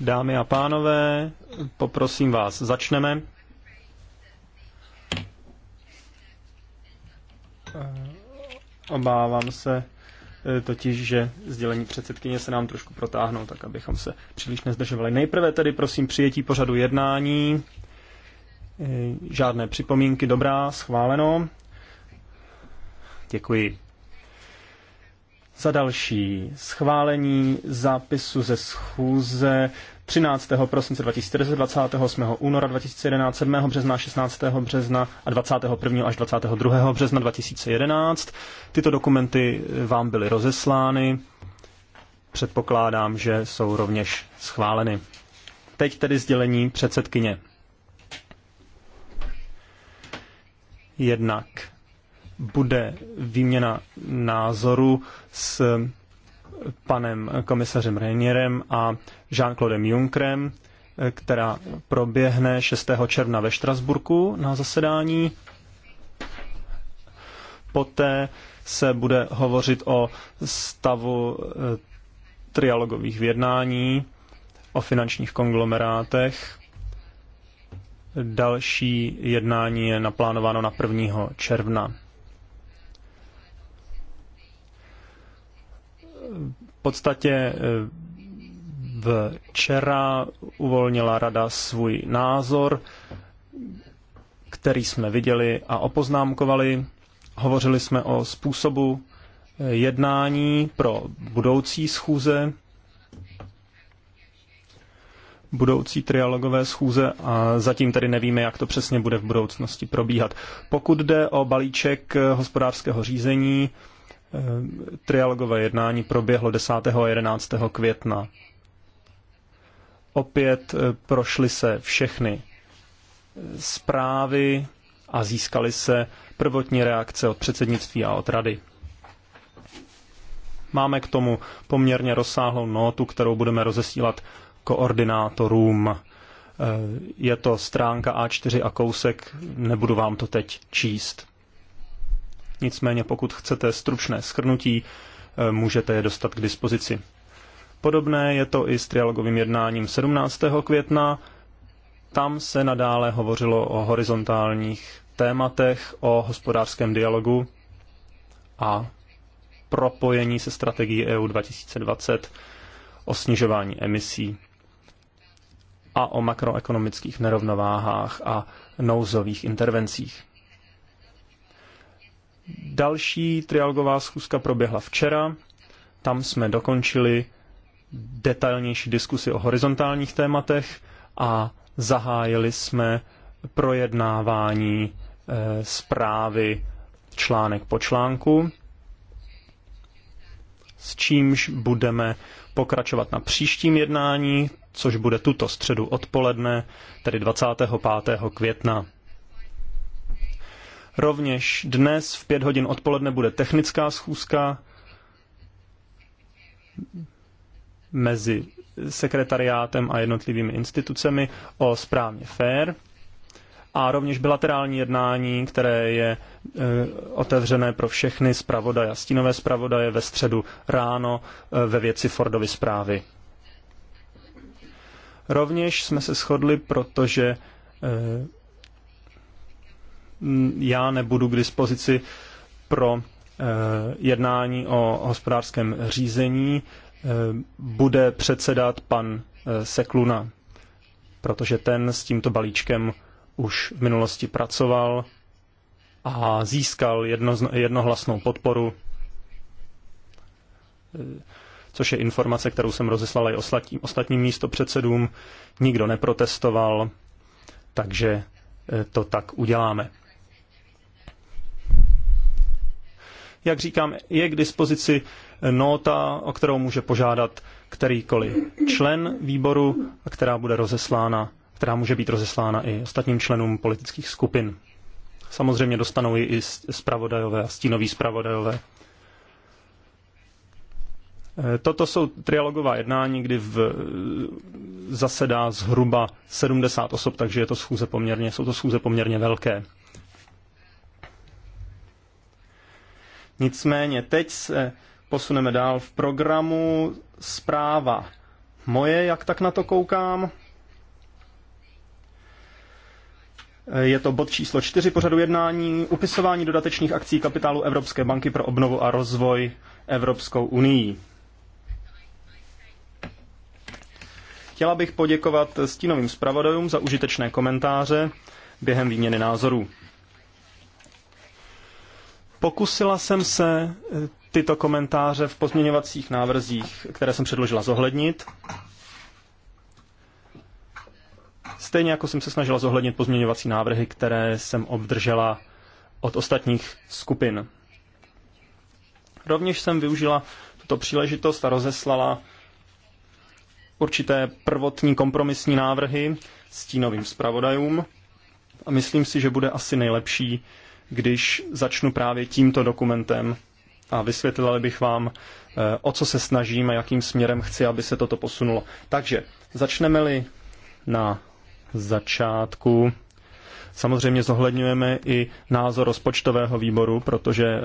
Dámy a pánové, poprosím vás, začneme. Eh, obávám se eh, totiž, že sdělení předsedkyně se nám trošku protáhnou, tak abychom se příliš nezdržovali. Nejprve tedy prosím přijetí pořadu jednání. Eh, žádné připomínky, dobrá, schváleno. Děkuji. Za další schválení zápisu ze schůze 13. prosince 2020 28. února 2011, 7. března, 16. března a 21. až 22. března 2011. Tyto dokumenty vám byly rozeslány. Předpokládám, že jsou rovněž schváleny. Teď tedy sdělení předsedkyně. Jednak bude výměna názoru s panem komisařem Renierem a Jean-Claudem Junckerem, která proběhne 6. června ve Štrasburku na zasedání. Poté se bude hovořit o stavu eh, trialogových vědnání, o finančních konglomerátech. Další jednání je naplánováno na 1. června. podstatě eh, včera uvolnila rada svůj názor, který jsme viděli a opoznámkovali. Hovořili jsme o způsobu eh, jednání pro budoucí schůze, budoucí trialogové schůze a zatím tedy nevíme, jak to přesně bude v budoucnosti probíhat. Pokud jde o balíček eh, hospodářského řízení, Eh, trialogové jednání proběhlo 10. a 11. května. Opět eh, prošly se všechny eh, zprávy a získaly se prvotní reakce od předsednictví a od rady. Máme k tomu poměrně rozsáhlou notu, kterou budeme rozesílat koordinátorům. Je to stránka A4 a kousek, nebudu vám to teď číst. Nicméně pokud chcete stručné schrnutí, eh, můžete je dostat k dispozici. Podobné je to i s trialogovým jednáním 17. května. Tam se nadále hovořilo o horizontálních tématech, o hospodářském dialogu a propojení se strategií EU 2020 o snižování emisí a o makroekonomických nerovnováhách a nouzových intervencích. Další trialogová schůzka proběhla včera. Tam jsme dokončili detailnější diskusy o horizontálních tématech a zahájili jsme projednávání e, zprávy článek po článku, s čímž budeme pokračovat na příštím jednání, což bude tuto středu odpoledne, tedy 25. května. Rovněž dnes v pět hodin odpoledne bude technická schůzka mezi sekretariátem a jednotlivými institucemi o správně fair a rovněž bilaterální jednání, které je e, otevřené pro všechny zpravodaje, stínové zpravodaje ve středu ráno e, ve věci Fordovy zprávy. Rovněž jsme se shodli, protože e, Mm, já nebudu k dispozici pro eh, jednání o hospodářském řízení. Eh, bude předsedat pan eh, Sekluna, protože ten s tímto balíčkem už v minulosti pracoval a získal jedno, jednohlasnou podporu, což je informace, kterou jsem rozeslal i ostatním, ostatním místopředsedům. Nikdo neprotestoval, takže to tak uděláme. Jak říkám, je k dispozici nota, o kterou může požádat kterýkoliv člen výboru, a která bude rozeslána, která může být rozeslána i ostatním členům politických skupin. Samozřejmě dostanou ji i zpravodajové a stínoví zpravodajové. E, toto jsou trialogová jednání, kdy v, e, zasedá zhruba 70 osob, takže je to schůze poměrně, jsou to schůze poměrně velké. Nicméně teď se posuneme dál v programu zpráva moje, jak tak na to koukám. Je to bod číslo 4 pořadu jednání, upisování dodatečných akcí kapitálu Evropské banky pro obnovu a rozvoj Evropskou unii. Chtěla bych poděkovat stínovým zpravodajům za užitečné komentáře během výměny názorů. Pokusila jsem se eh, tyto komentáře v pozměňovacích návrzích, které jsem předložila, zohlednit. Stejně jako jsem se snažila zohlednit pozměňovací návrhy, které jsem obdržela od ostatních skupin. Rovněž jsem využila tuto příležitost a rozeslala určité prvotní kompromisní návrhy stínovým zpravodajům a myslím si, že bude asi nejlepší, když začnu právě tímto dokumentem a vysvětlil bych vám, eh, o co se snažím a jakým směrem chci, aby se toto posunulo. Takže začneme-li na začátku. Samozřejmě zohledňujeme i názor rozpočtového výboru, protože eh,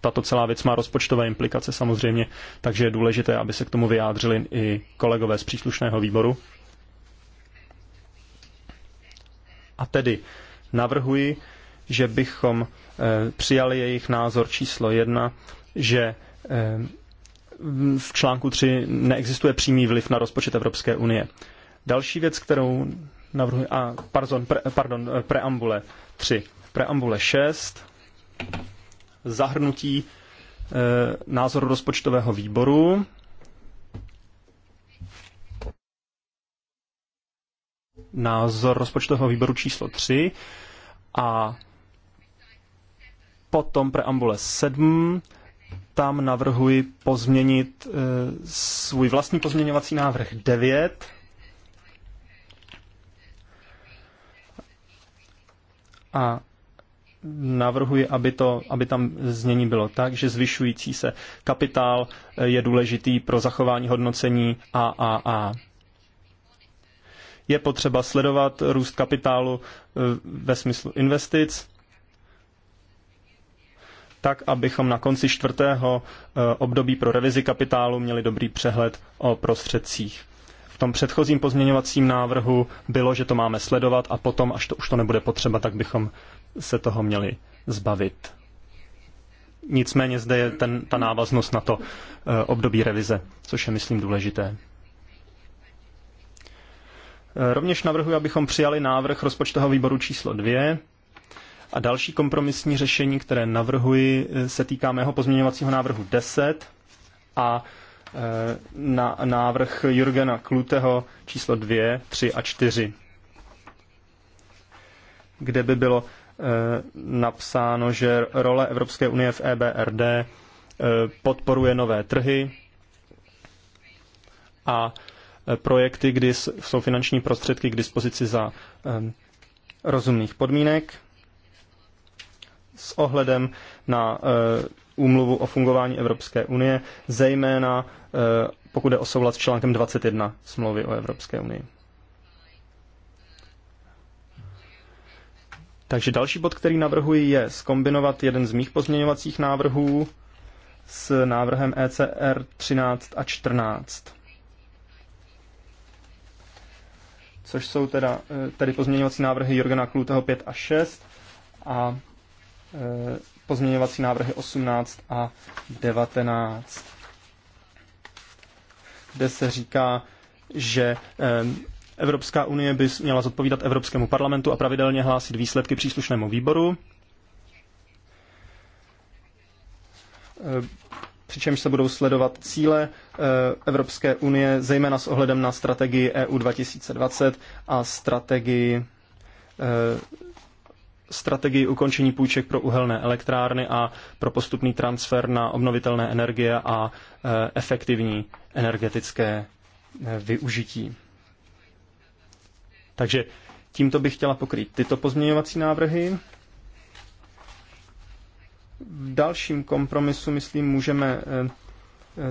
tato celá věc má rozpočtové implikace samozřejmě, takže je důležité, aby se k tomu vyjádřili i kolegové z příslušného výboru. A tedy navrhuji, že bychom eh, přijali jejich názor číslo jedna, že eh, v článku 3 neexistuje přímý vliv na rozpočet Evropské unie. Další věc, kterou navrhuji, a pardon, pre, pardon eh, preambule 3. Preambule 6, zahrnutí e, názoru rozpočtového výboru. Názor rozpočtového výboru číslo 3 a Potom preambule 7, tam navrhuji pozměnit e, svůj vlastní pozměňovací návrh 9. A navrhuji, aby, to, aby tam znění bylo tak, že zvyšující se kapitál eh, je důležitý pro zachování hodnocení AAA. Je potřeba sledovat růst kapitálu eh, ve smyslu investic tak abychom na konci čtvrtého eh, období pro revizi kapitálu měli dobrý přehled o prostředcích. V tom předchozím pozměňovacím návrhu bylo, že to máme sledovat a potom, až to už to nebude potřeba, tak bychom se toho měli zbavit. Nicméně zde je ten, ta návaznost na to eh, období revize, což je, myslím, důležité. Eh, rovněž navrhuji, abychom přijali návrh rozpočtového výboru číslo 2, a další kompromisní řešení, které navrhuji, eh, se týká mého pozměňovacího návrhu 10 a eh, na návrh Jurgena Kluteho číslo 2, 3 a 4, kde by bylo eh, napsáno, že role Evropské unie v EBRD podporuje nové trhy a projekty, kdy jsou finanční prostředky k dispozici za rozumných podmínek s ohledem na eh, úmluvu o fungování Evropské unie, zejména eh, pokud je o souhlas s článkem 21 smlouvy o Evropské unii. Takže další bod, který navrhuji, je skombinovat jeden z mých pozměňovacích návrhů s návrhem ECR 13 a 14. Což jsou teda, eh, tedy pozměňovací návrhy Jorgena Kluteho 5 a 6 a Eh, pozměňovací návrhy 18 a 19, kde se říká, že eh, Evropská unie by měla zodpovídat Evropskému parlamentu a pravidelně hlásit výsledky příslušnému výboru. Eh, přičemž se budou sledovat cíle Evropské unie, zejména s ohledem na strategii EU 2020 a strategii strategii ukončení půjček pro uhelné elektrárny a pro postupný transfer na obnovitelné energie a e, efektivní energetické e, využití. Takže tímto bych chtěla pokrýt tyto pozměňovací návrhy. V dalším kompromisu, myslím, můžeme e,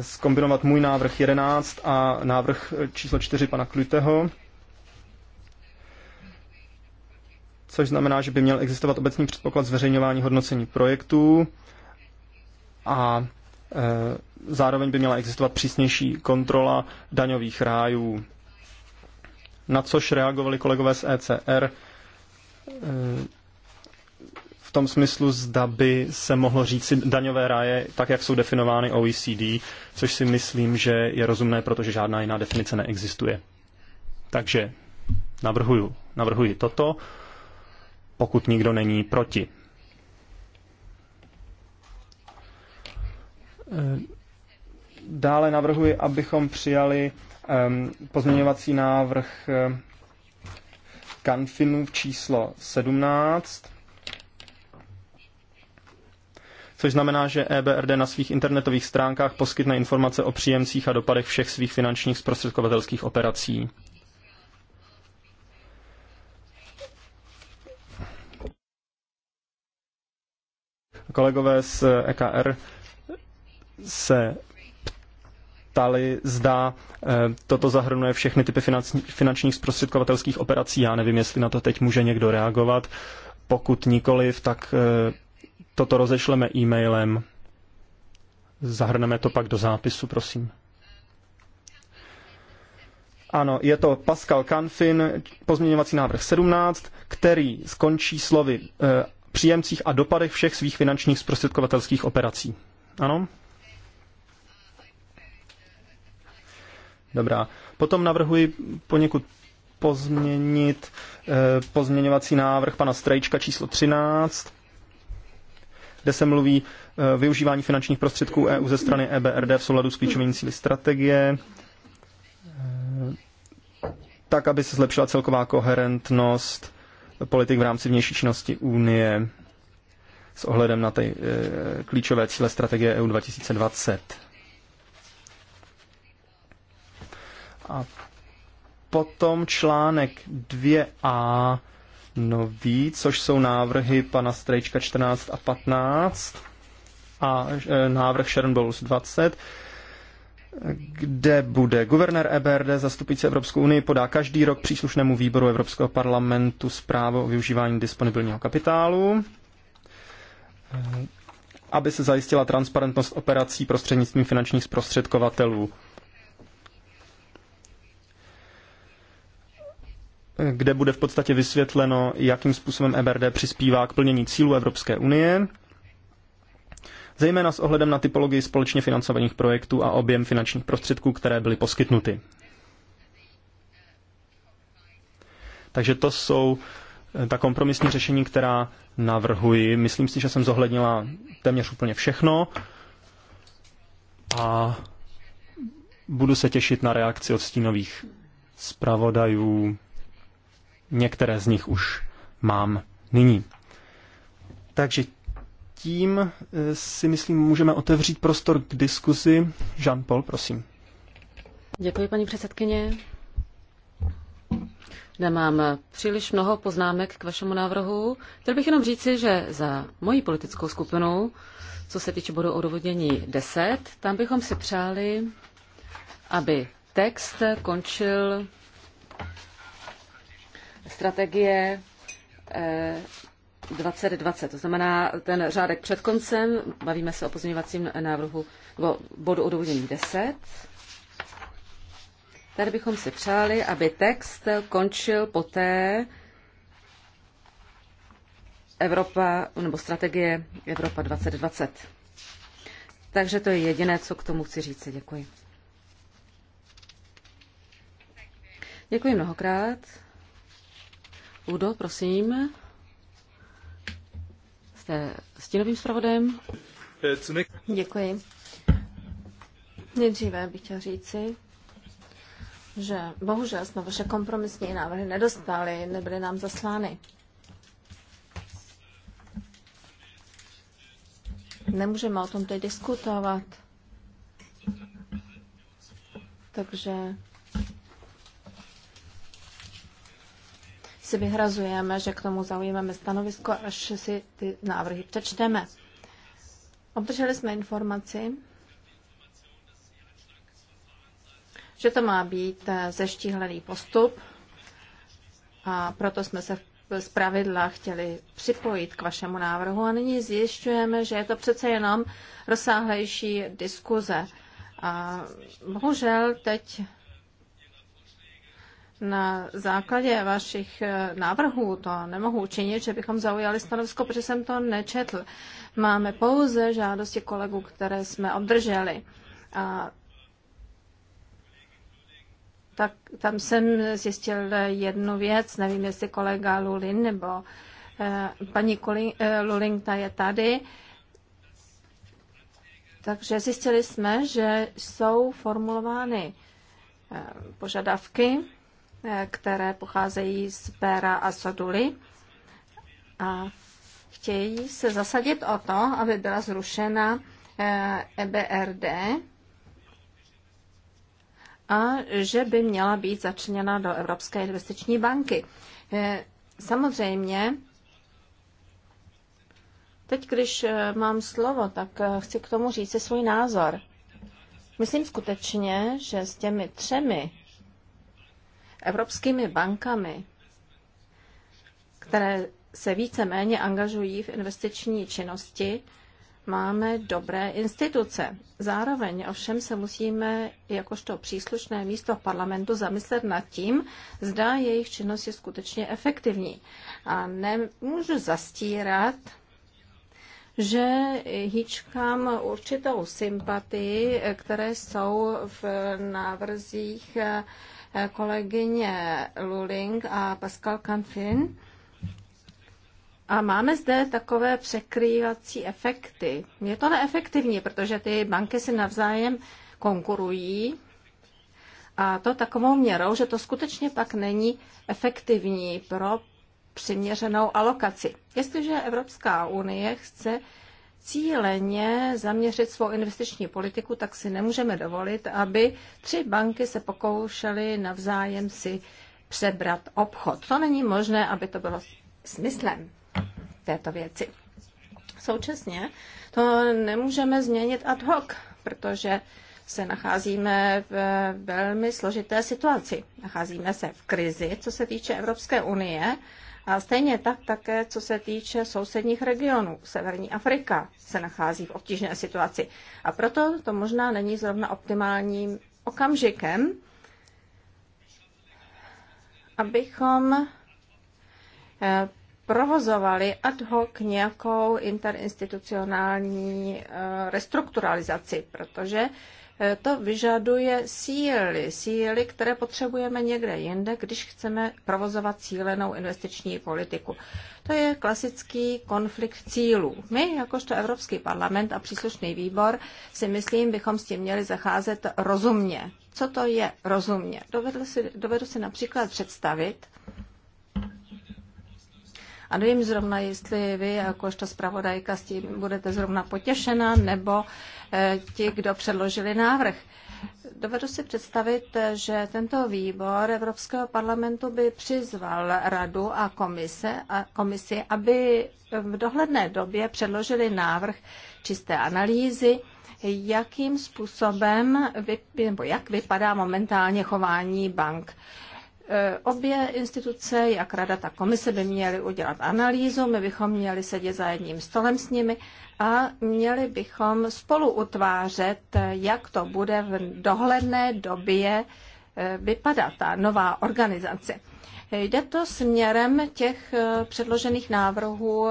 skombinovat můj návrh 11 a návrh číslo 4 pana Kluteho. což znamená, že by měl existovat obecný předpoklad zveřejňování hodnocení projektů a e, zároveň by měla existovat přísnější kontrola daňových rájů. Na což reagovali kolegové z ECR e, v tom smyslu, zda by se mohlo říci daňové ráje tak, jak jsou definovány OECD, což si myslím, že je rozumné, protože žádná jiná definice neexistuje. Takže navrhuju, navrhuji toto pokud nikdo není proti. Eh, dále navrhuji, abychom přijali ehm, pozměňovací návrh Kanfinu eh, číslo 17, což znamená, že EBRD na svých internetových stránkách poskytne informace o příjemcích a dopadech všech svých finančních zprostředkovatelských operací. Kolegové z EKR se ptali, zda eh, toto zahrnuje všechny typy finančních zprostředkovatelských operací. Já nevím, jestli na to teď může někdo reagovat. Pokud nikoliv, tak eh, toto rozešleme e-mailem. Zahrneme to pak do zápisu, prosím. Ano, je to Pascal Canfin, pozměňovací návrh 17, který skončí slovy eh, příjemcích a dopadech všech svých finančních zprostředkovatelských operací. Ano? Dobrá. Potom navrhuji poněkud pozměnit eh, pozměňovací návrh pana Strejčka číslo 13, kde se mluví eh, využívání finančních prostředků EU ze strany EBRD v souladu s klíčovými cíly strategie, eh, tak, aby se zlepšila celková koherentnost politik v rámci vnější činnosti Unie s ohledem na ty eh, klíčové cíle strategie EU 2020. A potom článek 2a nový, což jsou návrhy pana Strejčka 14 a 15 a eh, návrh Sharon Bowles 20 kde bude guvernér EBRD zastupující Evropskou unii, podá každý rok příslušnému výboru Evropského parlamentu zprávu o využívání disponibilního kapitálu, aby se zajistila transparentnost operací prostřednictvím finančních zprostředkovatelů. kde bude v podstatě vysvětleno, jakým způsobem EBRD přispívá k plnění cílů Evropské unie zejména s ohledem na typologii společně financovaných projektů a objem finančních prostředků, které byly poskytnuty. Takže to jsou eh, ta kompromisní řešení, která navrhuji. Myslím si, že jsem zohlednila téměř úplně všechno a budu se těšit na reakci od stínových zpravodajů. Některé z nich už mám nyní. Takže tím eh, si myslím můžeme otevřít prostor k diskuzi. Jean-Paul, prosím. Děkuji, paní předsedkyně. Nemám příliš mnoho poznámek k vašemu návrhu. Chtěl bych jenom říci, že za moji politickou skupinu, co se týče bodu odvodnění 10, tam bychom si přáli, aby text končil strategie eh, 2020. To znamená ten řádek před koncem. Bavíme se o pozměňovacím návrhu o bodu odůvodnění 10. Tady bychom si přáli, aby text končil poté Evropa, nebo strategie Evropa 2020. Takže to je jediné, co k tomu chci říct. Děkuji. Děkuji mnohokrát. Udo, prosím stínovým zpravodajem. Děkuji. Nejdříve bych chtěl říci, že bohužel jsme vaše kompromisní návrhy nedostali, nebyly nám zaslány. Nemůžeme o tom teď diskutovat. Takže si vyhrazujeme, že k tomu zaujmeme stanovisko, až si ty návrhy přečteme. Obdrželi jsme informaci, že to má být eh, zeštíhlený postup a proto jsme se z pravidla chtěli připojit k vašemu návrhu a nyní zjišťujeme, že je to přece jenom rozsáhlejší diskuze. A bohužel teď na základě vašich eh, návrhů to nemohu učinit, že bychom zaujali stanovisko, protože jsem to nečetl. Máme pouze žádosti kolegů, které jsme obdrželi. A tak tam jsem zjistil jednu věc, nevím, jestli kolega Lulin nebo eh, paní eh, Lulin, Luling, ta je tady. Takže zjistili jsme, že jsou formulovány požadavky, které pocházejí z Béra a Soduly a chtějí se zasadit o to, aby byla zrušena EBRD eh, e a že by měla být začleněna do Evropské investiční banky. Eh, samozřejmě, teď, když eh, mám slovo, tak chci k tomu říct si svůj názor. Myslím skutečně, že s těmi třemi evropskými bankami, které se více méně angažují v investiční činnosti, máme dobré instituce. Zároveň ovšem se musíme jakožto příslušné místo v parlamentu zamyslet nad tím, zda jejich činnost je skutečně efektivní. A nemůžu zastírat, že hýčkám určitou sympatii, které jsou v návrzích kolegyně Luling a Pascal Canfin. A máme zde takové překrývací efekty. Je to neefektivní, protože ty banky si navzájem konkurují a to takovou měrou, že to skutečně pak není efektivní pro přiměřenou alokaci. Jestliže Evropská unie chce cíleně zaměřit svou investiční politiku, tak si nemůžeme dovolit, aby tři banky se pokoušely navzájem si přebrat obchod. To není možné, aby to bylo smyslem této věci. Současně to nemůžeme změnit ad hoc, protože se nacházíme v velmi složité situaci. Nacházíme se v krizi, co se týče Evropské unie, a stejně tak také, co se týče sousedních regionů. Severní Afrika se nachází v obtížné situaci. A proto to možná není zrovna optimálním okamžikem, abychom eh, provozovali ad hoc nějakou interinstitucionální eh, restrukturalizaci, protože E, to vyžaduje síly, síly, které potřebujeme někde jinde, když chceme provozovat cílenou investiční politiku. To je klasický konflikt cílů. My, jakožto Evropský parlament a příslušný výbor, si myslím, bychom s tím měli zacházet rozumně. Co to je rozumně? Dovedu si, dovedu si například představit, a nevím zrovna, jestli vy, jakožto zpravodajka, s tím budete zrovna potěšena, nebo eh, ti, kdo předložili návrh. Dovedu si představit, že tento výbor Evropského parlamentu by přizval radu a komise, a komisi, aby v dohledné době předložili návrh čisté analýzy, jakým způsobem, nebo jak vypadá momentálně chování bank. E, obě instituce, jak Rada, tak Komise, by měly udělat analýzu, my bychom měli sedět za jedním stolem s nimi a měli bychom spolu utvářet, jak to bude v dohledné době e, vypadat ta nová organizace. Jde to směrem těch e, předložených návrhů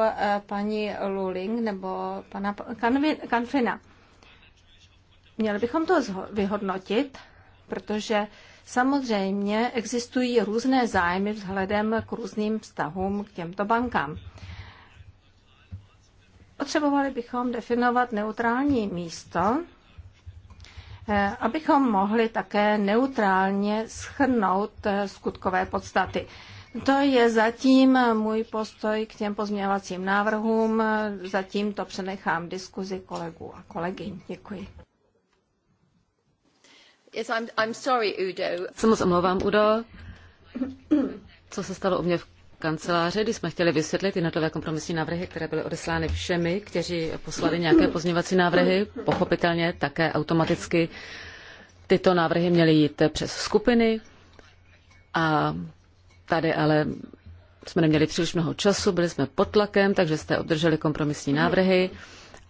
paní Luling nebo pana Kanfina. Měli bychom to vyhodnotit, protože Samozřejmě existují různé zájmy vzhledem k různým vztahům k těmto bankám. Potřebovali bychom definovat neutrální místo, eh, abychom mohli také neutrálně schrnout eh, skutkové podstaty. To je zatím můj postoj k těm pozměňovacím návrhům. Zatím to přenechám diskuzi kolegů a kolegyň. Děkuji. Yes, I'm, I'm sorry, Udo. Se moc omlouvám, Udo. Co se stalo u mě v kanceláři, kdy jsme chtěli vysvětlit jednotlivé kompromisní návrhy, které byly odeslány všemi, kteří poslali nějaké pozměňovací návrhy. Pochopitelně také automaticky tyto návrhy měly jít přes skupiny a tady ale jsme neměli příliš mnoho času, byli jsme pod tlakem, takže jste obdrželi kompromisní návrhy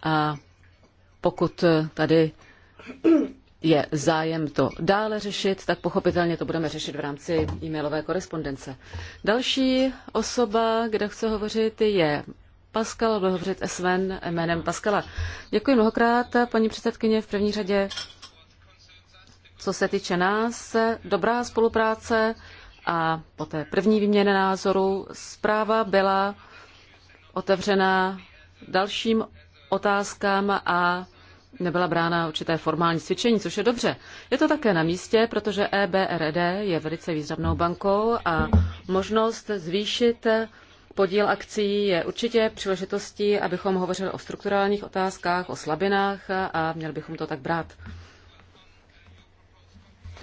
a pokud tady je zájem to dále řešit, tak pochopitelně to budeme řešit v rámci e-mailové korespondence. Další osoba, kde chce hovořit, je Pascal, bude hovořit Sven jménem Pascala. Děkuji mnohokrát, paní předsedkyně, v první řadě. Co se týče nás, dobrá spolupráce a poté první výměna názoru zpráva byla otevřená dalším otázkám a nebyla brána určité formální cvičení, což je dobře. Je to také na místě, protože EBRD je velice významnou bankou a možnost zvýšit podíl akcí je určitě příležitostí, abychom hovořili o strukturálních otázkách, o slabinách a měli bychom to tak brát.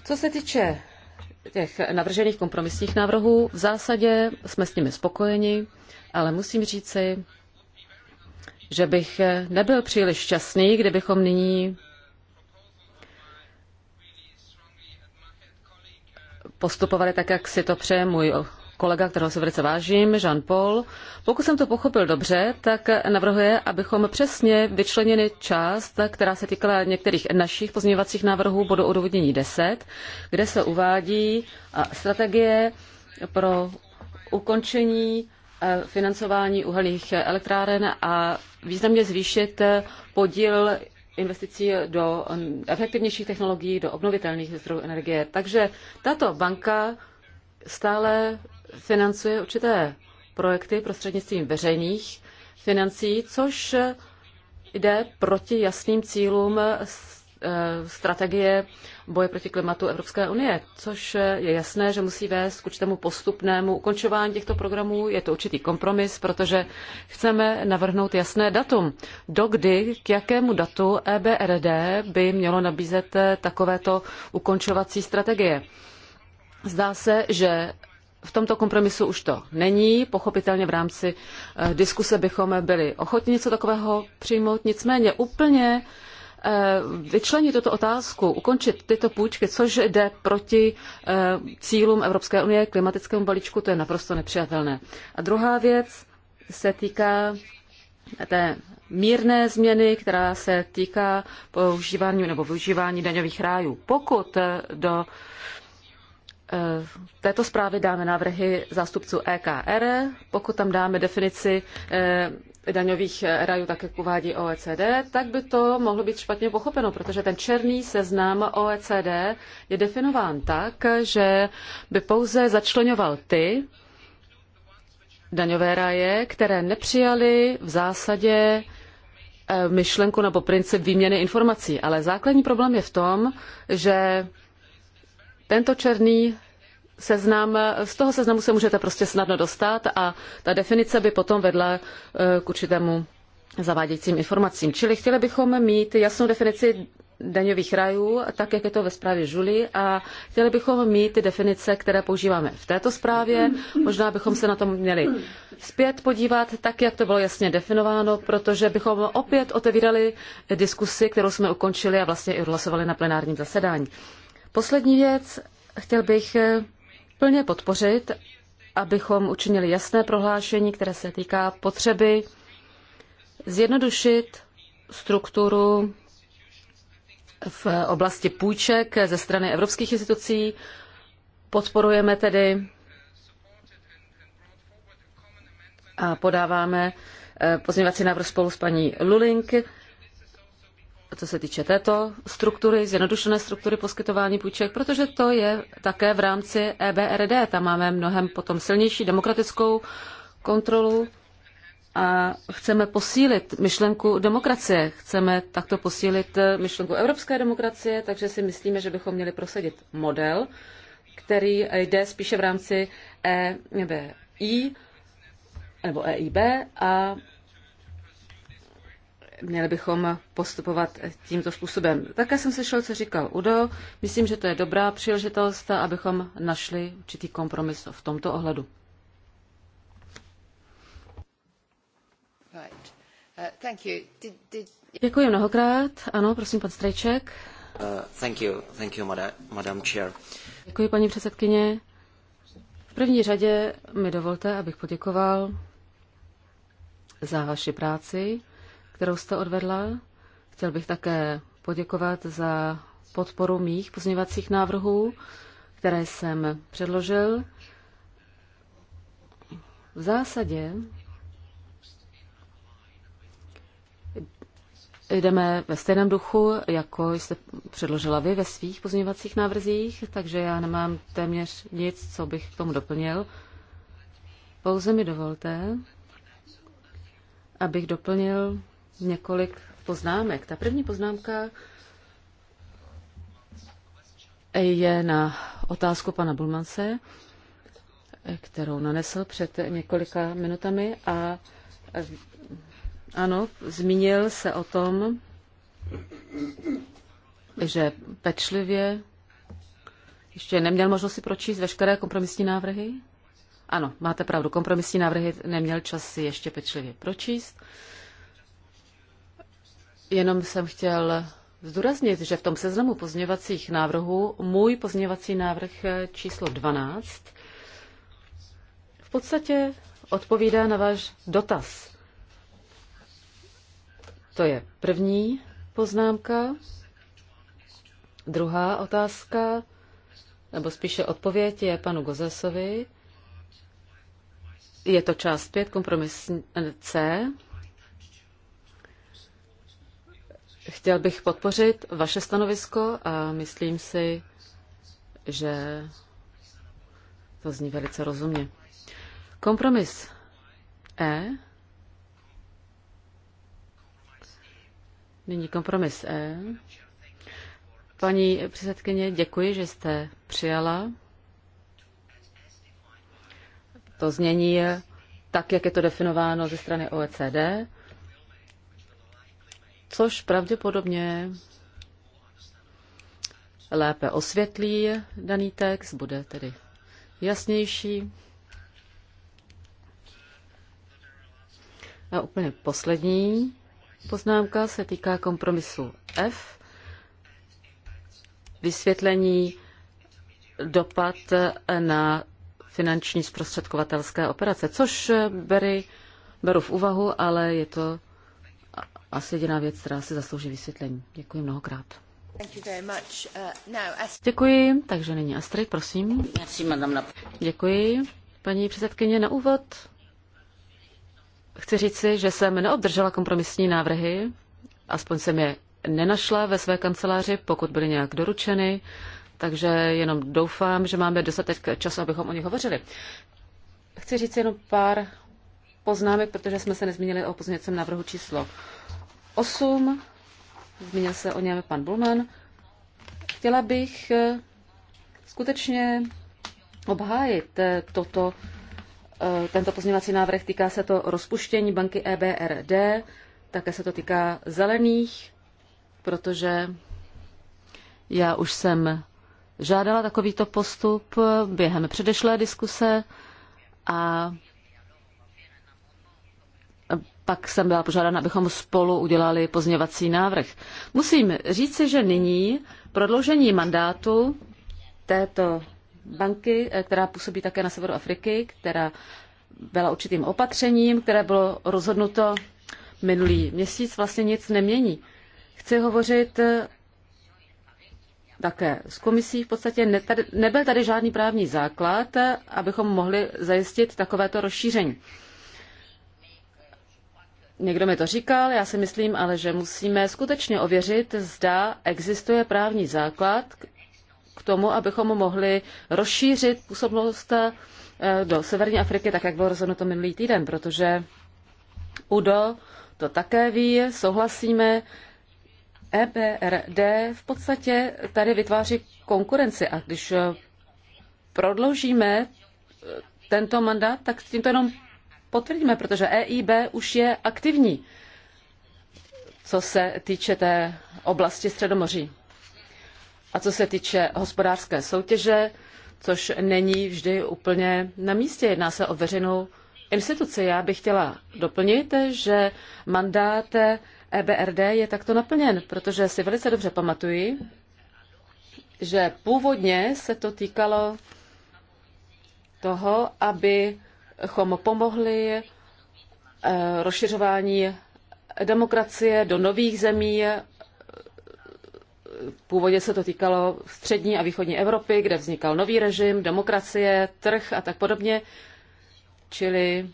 Co se týče těch navržených kompromisních návrhů, v zásadě jsme s nimi spokojeni, ale musím říci, že bych eh, nebyl příliš šťastný, kdybychom nyní postupovali tak, jak si to přeje můj kolega, kterého se velice vážím, Jean-Paul. Pokud jsem to pochopil dobře, tak navrhuje, abychom přesně vyčlenili část, která se týkala některých našich pozměňovacích návrhů bodu odůvodnění 10, kde se uvádí eh, strategie pro ukončení eh, financování uhelných elektráren a významně zvýšit eh, podíl investicí do mm, efektivnějších technologií, do obnovitelných zdrojů energie. Takže tato banka stále financuje určité projekty prostřednictvím veřejných financí, což jde proti jasným cílům eh, strategie boje proti klimatu Evropské unie, což je jasné, že musí vést k určitému postupnému ukončování těchto programů. Je to určitý kompromis, protože chceme navrhnout jasné datum. Dokdy, k jakému datu EBRD by mělo nabízet takovéto ukončovací strategie? Zdá se, že v tomto kompromisu už to není. Pochopitelně v rámci eh, diskuse bychom byli ochotni něco takového přijmout. Nicméně úplně Eh, vyčlenit tuto otázku, ukončit tyto půjčky, což jde proti eh, cílům Evropské unie, klimatickému balíčku, to je naprosto nepřijatelné. A druhá věc se týká té mírné změny, která se týká používání nebo využívání daňových rájů. Pokud eh, do této zprávy dáme návrhy zástupců EKR, pokud tam dáme definici daňových eh, rajů, tak jak uvádí OECD, tak by to mohlo být špatně pochopeno, protože ten černý seznam OECD je definován tak, že by pouze začlenoval ty daňové raje, které nepřijali v zásadě eh, myšlenku nebo princip výměny informací. Ale základní problém je v tom, že tento černý seznam, z toho seznamu se můžete prostě snadno dostat a ta definice by potom vedla eh, k určitému zavádějícím informacím. Čili chtěli bychom mít jasnou definici daňových rajů, tak jak je to ve zprávě Žuli a chtěli bychom mít ty definice, které používáme v této zprávě. Možná bychom se na to měli zpět podívat, tak jak to bylo jasně definováno, protože bychom opět otevírali diskusi, kterou jsme ukončili a vlastně i odhlasovali na plenárním zasedání. Poslední věc, chtěl bych eh, plně podpořit, abychom učinili jasné prohlášení, které se týká potřeby zjednodušit strukturu v oblasti půjček ze strany evropských institucí. Podporujeme tedy a podáváme eh, pozměňovací návrh spolu s paní Lulink co se týče této struktury, zjednodušené struktury poskytování půjček, protože to je také v rámci EBRD. Tam máme mnohem potom silnější demokratickou kontrolu a chceme posílit myšlenku demokracie. Chceme takto posílit myšlenku evropské demokracie, takže si myslíme, že bychom měli prosadit model, který jde spíše v rámci EBI nebo EIB a měli bychom postupovat tímto způsobem. Také jsem slyšel, co říkal Udo. Myslím, že to je dobrá příležitost, abychom našli určitý kompromis v tomto ohledu. Right. Uh, thank you. Did, did... Děkuji mnohokrát. Ano, prosím, pan Strejček. Uh, thank you, thank you, madam, chair. Děkuji, paní předsedkyně. V první řadě mi dovolte, abych poděkoval za vaši práci kterou jste odvedla. Chtěl bych také poděkovat za podporu mých pozměňovacích návrhů, které jsem předložil. V zásadě jdeme ve stejném duchu, jako jste předložila vy ve svých pozměňovacích návrzích, takže já nemám téměř nic, co bych k tomu doplnil. Pouze mi dovolte, abych doplnil několik poznámek. Ta první poznámka je na otázku pana Bulmance, kterou nanesl před několika minutami a eh, ano, zmínil se o tom, že pečlivě ještě neměl možnost si pročíst veškeré kompromisní návrhy? Ano, máte pravdu, kompromisní návrhy neměl čas si ještě pečlivě pročíst. Uh, Jenom jsem chtěl zdůraznit, že v tom seznamu pozměvacích návrhů můj pozměvací návrh eh, číslo 12 v podstatě odpovídá na váš dotaz. To je první poznámka. Druhá otázka, nebo spíše odpověď je panu Gozesovi. Je to část 5, kompromis C, Chtěl bych podpořit vaše stanovisko a myslím si, že to zní velice rozumně. Kompromis E. Nyní kompromis E. Paní předsedkyně, děkuji, že jste přijala. To znění tak, jak je to definováno ze strany OECD což pravděpodobně lépe osvětlí daný text, bude tedy jasnější. A úplně poslední poznámka se týká kompromisu F, vysvětlení dopad na finanční zprostředkovatelské operace, což beru v úvahu, ale je to asi jediná věc, která si zaslouží vysvětlení. Děkuji mnohokrát. Uh, Děkuji, takže nyní Astrid, prosím. Děkuji. Paní předsedkyně, na úvod chci říci, že jsem neobdržela kompromisní návrhy, aspoň jsem je nenašla ve své kanceláři, pokud byly nějak doručeny, takže jenom doufám, že máme dostatek času, abychom o nich hovořili. Chci říct jenom pár poznámek, protože jsme se nezmínili o pozměňovacím návrhu číslo 8. Zmínil se o něm pan Bulman. Chtěla bych eh, skutečně obhájit eh, toto, eh, tento pozměňovací návrh. Týká se to rozpuštění banky EBRD, také se to týká zelených, protože já už jsem žádala takovýto postup během předešlé diskuse a pak jsem byla požádána, abychom spolu udělali pozměvací návrh. Musím říci, že nyní prodloužení mandátu této banky, eh, která působí také na severu Afriky, která byla určitým opatřením, které bylo rozhodnuto minulý měsíc, vlastně nic nemění. Chci hovořit eh, také s komisí. V podstatě ne, tady, nebyl tady žádný právní základ, eh, abychom mohli zajistit takovéto rozšíření. Někdo mi to říkal, já si myslím ale, že musíme skutečně ověřit, zda existuje právní základ k tomu, abychom mohli rozšířit působnost eh, do Severní Afriky, tak jak bylo rozhodnuto minulý týden, protože UDO to také ví, souhlasíme, EBRD v podstatě tady vytváří konkurenci a když eh, prodloužíme eh, tento mandát, tak tím to jenom potvrdíme, protože EIB už je aktivní, co se týče té oblasti Středomoří. A co se týče hospodářské soutěže, což není vždy úplně na místě, jedná se o veřejnou instituci. Já bych chtěla doplnit, že mandát EBRD je takto naplněn, protože si velice dobře pamatuji, že původně se to týkalo toho, aby chom pomohli eh, rozšiřování demokracie do nových zemí. Původně se to týkalo střední a východní Evropy, kde vznikal nový režim, demokracie, trh a tak podobně. Čili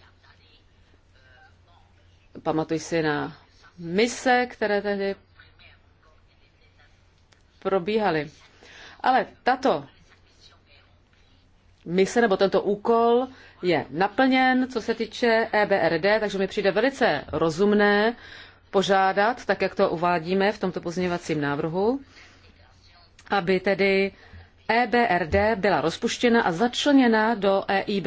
pamatuj si na mise, které tehdy probíhaly. Ale tato mise nebo tento úkol je naplněn, co se týče EBRD, takže mi přijde velice rozumné požádat, tak jak to uvádíme v tomto pozměňovacím návrhu, aby tedy EBRD byla rozpuštěna a začleněna do EIB.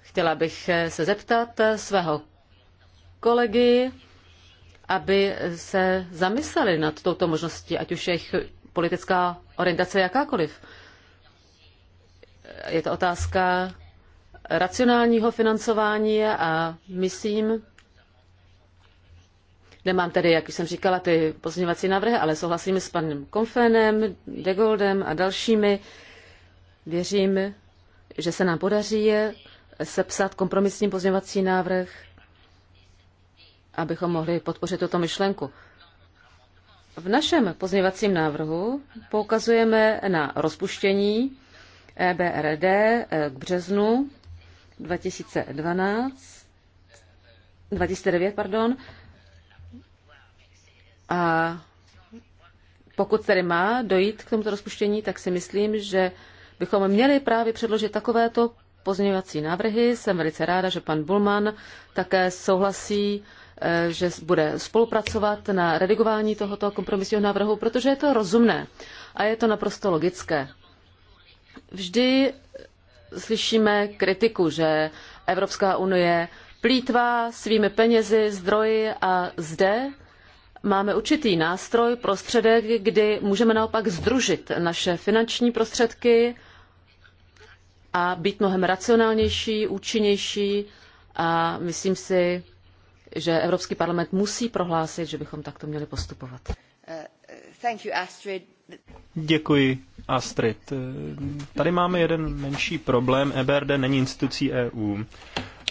Chtěla bych se zeptat svého kolegy, aby se zamysleli nad touto možností, ať už jejich politická orientace jakákoliv je to otázka racionálního financování a myslím, Nemám tedy, jak už jsem říkala, ty pozměňovací návrhy, ale souhlasím s panem Konfenem, De Goldem a dalšími. Věřím, že se nám podaří sepsat kompromisní pozměňovací návrh, abychom mohli podpořit tuto myšlenku. V našem pozměňovacím návrhu poukazujeme na rozpuštění EBRD e, k březnu 2012, 2009, pardon. A pokud tedy má dojít k tomuto rozpuštění, tak si myslím, že bychom měli právě předložit takovéto pozměňovací návrhy. Jsem velice ráda, že pan Bulman také souhlasí, e, že bude spolupracovat na redigování tohoto kompromisního návrhu, protože je to rozumné a je to naprosto logické. Vždy slyšíme kritiku, že Evropská unie plítvá svými penězi, zdroji a zde máme určitý nástroj, prostředek, kdy můžeme naopak združit naše finanční prostředky a být mnohem racionálnější, účinnější a myslím si, že Evropský parlament musí prohlásit, že bychom takto měli postupovat. Uh, thank you, Astrid. Děkuji, Astrid. Tady máme jeden menší problém. EBRD není institucí EU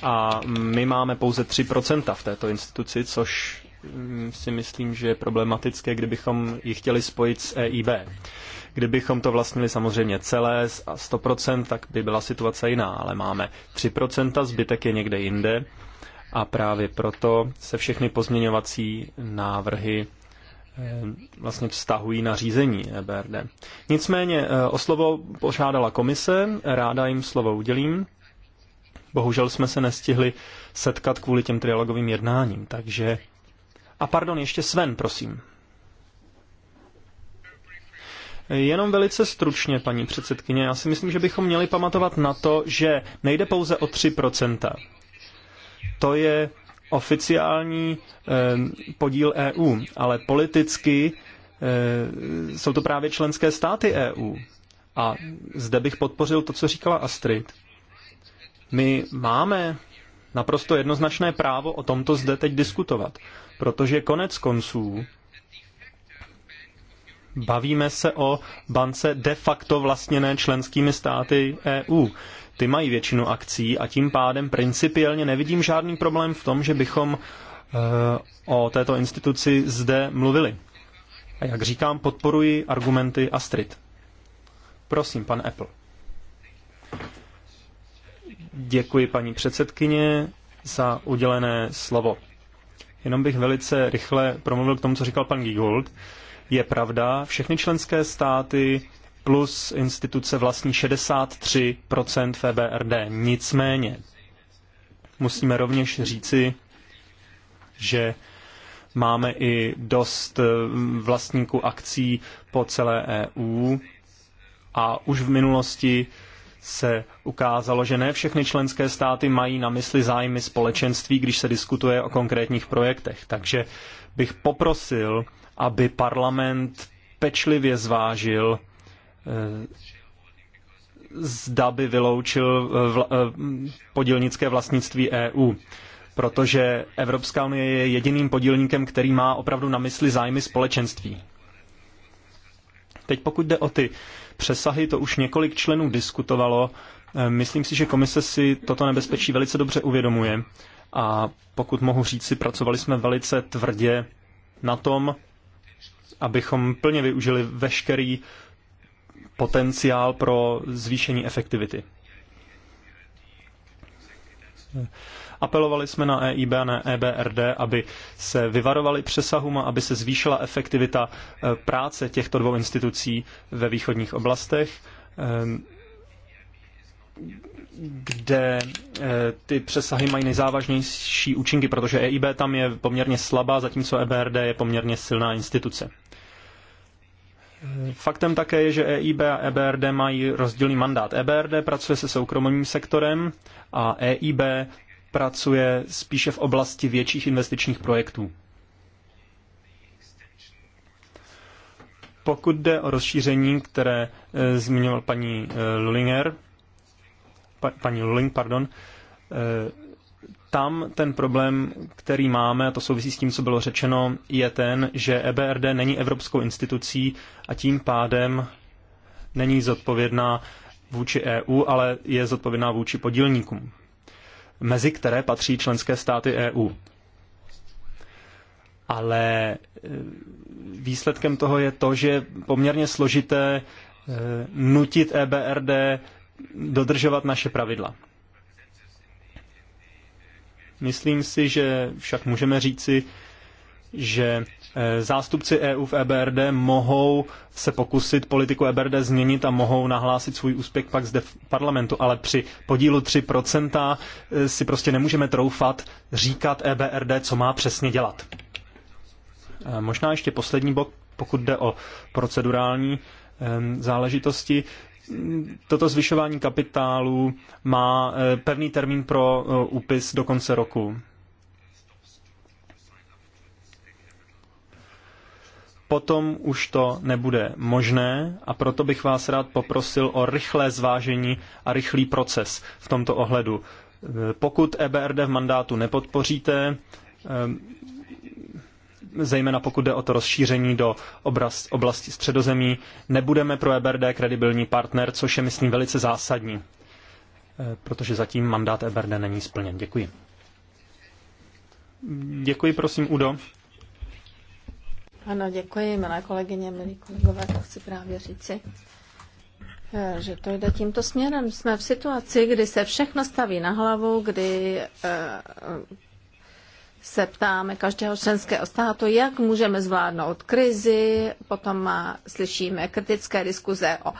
a my máme pouze 3% v této instituci, což mm, si myslím, že je problematické, kdybychom ji chtěli spojit s EIB. Kdybychom to vlastnili samozřejmě celé a 100%, tak by byla situace jiná, ale máme 3%, zbytek je někde jinde a právě proto se všechny pozměňovací návrhy Eh, vlastně vztahují na řízení EBRD. Nicméně eh, o slovo požádala komise, ráda jim slovo udělím. Bohužel jsme se nestihli setkat kvůli těm trialogovým jednáním, takže... A pardon, ještě Sven, prosím. Jenom velice stručně, paní předsedkyně, já si myslím, že bychom měli pamatovat na to, že nejde pouze o 3%. To je oficiální eh, podíl EU, ale politicky eh, jsou to právě členské státy EU. A zde bych podpořil to, co říkala Astrid. My máme naprosto jednoznačné právo o tomto zde teď diskutovat, protože konec konců bavíme se o bance de facto vlastněné členskými státy EU ty mají většinu akcí a tím pádem principiálně nevidím žádný problém v tom, že bychom eh, o této instituci zde mluvili. A jak říkám, podporuji argumenty Astrid. Prosím, pan Apple. Děkuji paní předsedkyně za udělené slovo. Jenom bych velice rychle promluvil k tomu, co říkal pan Giegold. Je pravda, všechny členské státy plus instituce vlastní 63% FBRD. Nicméně musíme rovněž říci, že máme i dost eh, vlastníků akcí po celé EU a už v minulosti se ukázalo, že ne všechny členské státy mají na mysli zájmy společenství, když se diskutuje o konkrétních projektech. Takže bych poprosil, aby parlament pečlivě zvážil, Eh, zda by vyloučil eh, eh, podílnické vlastnictví EU protože Evropská unie je jediným podílníkem, který má opravdu na mysli zájmy společenství. Teď pokud jde o ty přesahy, to už několik členů diskutovalo. Myslím si, že komise si toto nebezpečí velice dobře uvědomuje. A pokud mohu říci, pracovali jsme velice tvrdě na tom, abychom plně využili veškerý potenciál pro zvýšení efektivity. Apelovali jsme na EIB a na EBRD, aby se vyvarovali přesahům a aby se zvýšila efektivita eh, práce těchto dvou institucí ve východních oblastech, eh, kde eh, ty přesahy mají nejzávažnější účinky, protože EIB tam je poměrně slabá, zatímco EBRD je poměrně silná instituce. Faktem také je, že EIB a EBRD mají rozdílný mandát. EBRD pracuje se soukromým sektorem a EIB pracuje spíše v oblasti větších investičních projektů. Pokud jde o rozšíření, které e, zmiňoval paní e, Lulinger, pa, paní Luling, pardon, e, tam ten problém, který máme, a to souvisí s tím, co bylo řečeno, je ten, že EBRD není evropskou institucí a tím pádem není zodpovědná vůči EU, ale je zodpovědná vůči podílníkům, mezi které patří členské státy EU. Ale eh, výsledkem toho je to, že je poměrně složité eh, nutit EBRD dodržovat naše pravidla. Myslím si, že však můžeme říci, že eh, zástupci EU v EBRD mohou se pokusit politiku EBRD změnit a mohou nahlásit svůj úspěch pak zde v parlamentu, ale při podílu 3% eh, si prostě nemůžeme troufat říkat EBRD, co má přesně dělat. Eh, možná ještě poslední bod, pokud jde o procedurální záležitosti toto zvyšování kapitálu má eh, pevný termín pro úpis eh, do konce roku. Potom už to nebude možné a proto bych vás rád poprosil o rychlé zvážení a rychlý proces v tomto ohledu. Eh, pokud EBRD v mandátu nepodpoříte, zejména pokud jde o to rozšíření do obraz, oblasti středozemí, nebudeme pro EBRD kredibilní partner, což je, myslím, velice zásadní, eh, protože zatím mandát EBRD není splněn. Děkuji. Děkuji, prosím, Udo. Ano, děkuji, milé kolegyně, milí kolegové, to chci právě říci. Eh, že to jde tímto směrem. Jsme v situaci, kdy se všechno staví na hlavu, kdy eh, se ptáme každého členského státu, jak můžeme zvládnout krizi, potom slyšíme kritické diskuze o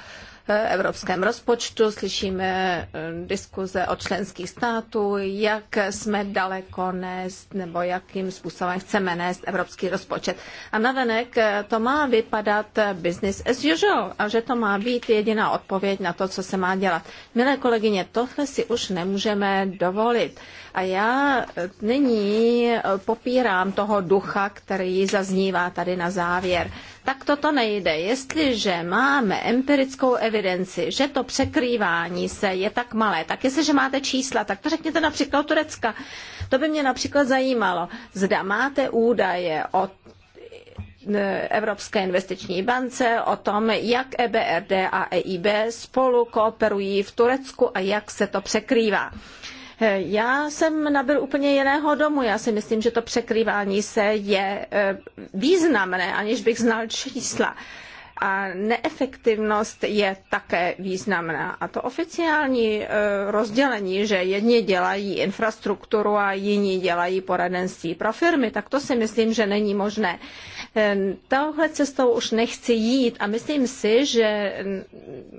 e, evropském rozpočtu, slyšíme e, diskuze o členských států, jak jsme daleko nést nebo jakým způsobem chceme nést evropský rozpočet. A navenek e, to má vypadat business as usual a že to má být jediná odpověď na to, co se má dělat. Milé kolegyně, tohle si už nemůžeme dovolit. A já nyní eh, popírám toho ducha, který zaznívá tady na závěr. Tak toto nejde. Jestliže máme empirickou evidenci, že to překrývání se je tak malé, tak jestliže máte čísla, tak to řekněte například Turecka. To by mě například zajímalo. Zda máte údaje o eh, Evropské investiční bance o tom, jak EBRD a EIB spolu kooperují v Turecku a jak se to překrývá. Eh, já jsem nabyl úplně jiného domu. Já si myslím, že to překrývání se je eh, významné, aniž bych znal čísla a neefektivnost je také významná. A to oficiální e, rozdělení, že jedni dělají infrastrukturu a jiní dělají poradenství pro firmy, tak to si myslím, že není možné. E, Touhle cestou už nechci jít a myslím si, že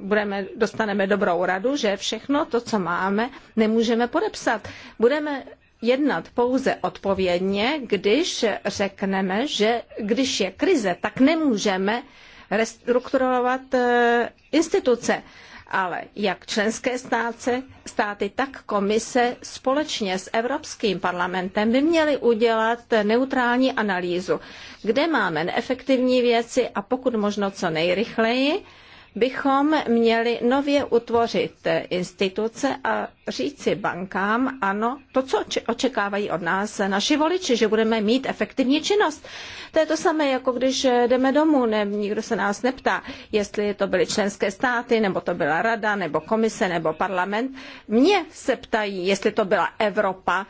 budeme, dostaneme dobrou radu, že všechno to, co máme, nemůžeme podepsat. Budeme jednat pouze odpovědně, když řekneme, že když je krize, tak nemůžeme restrukturovat eh, instituce. Ale jak členské státy, státy, tak komise společně s Evropským parlamentem by měly udělat neutrální analýzu, kde máme neefektivní věci a pokud možno co nejrychleji, bychom měli nově utvořit instituce a říci bankám, ano, to, co očekávají od nás naši voliči, že budeme mít efektivní činnost. To je to samé, jako když jdeme domů, ne, nikdo se nás neptá, jestli to byly členské státy, nebo to byla rada, nebo komise, nebo parlament. Mě se ptají, jestli to byla Evropa,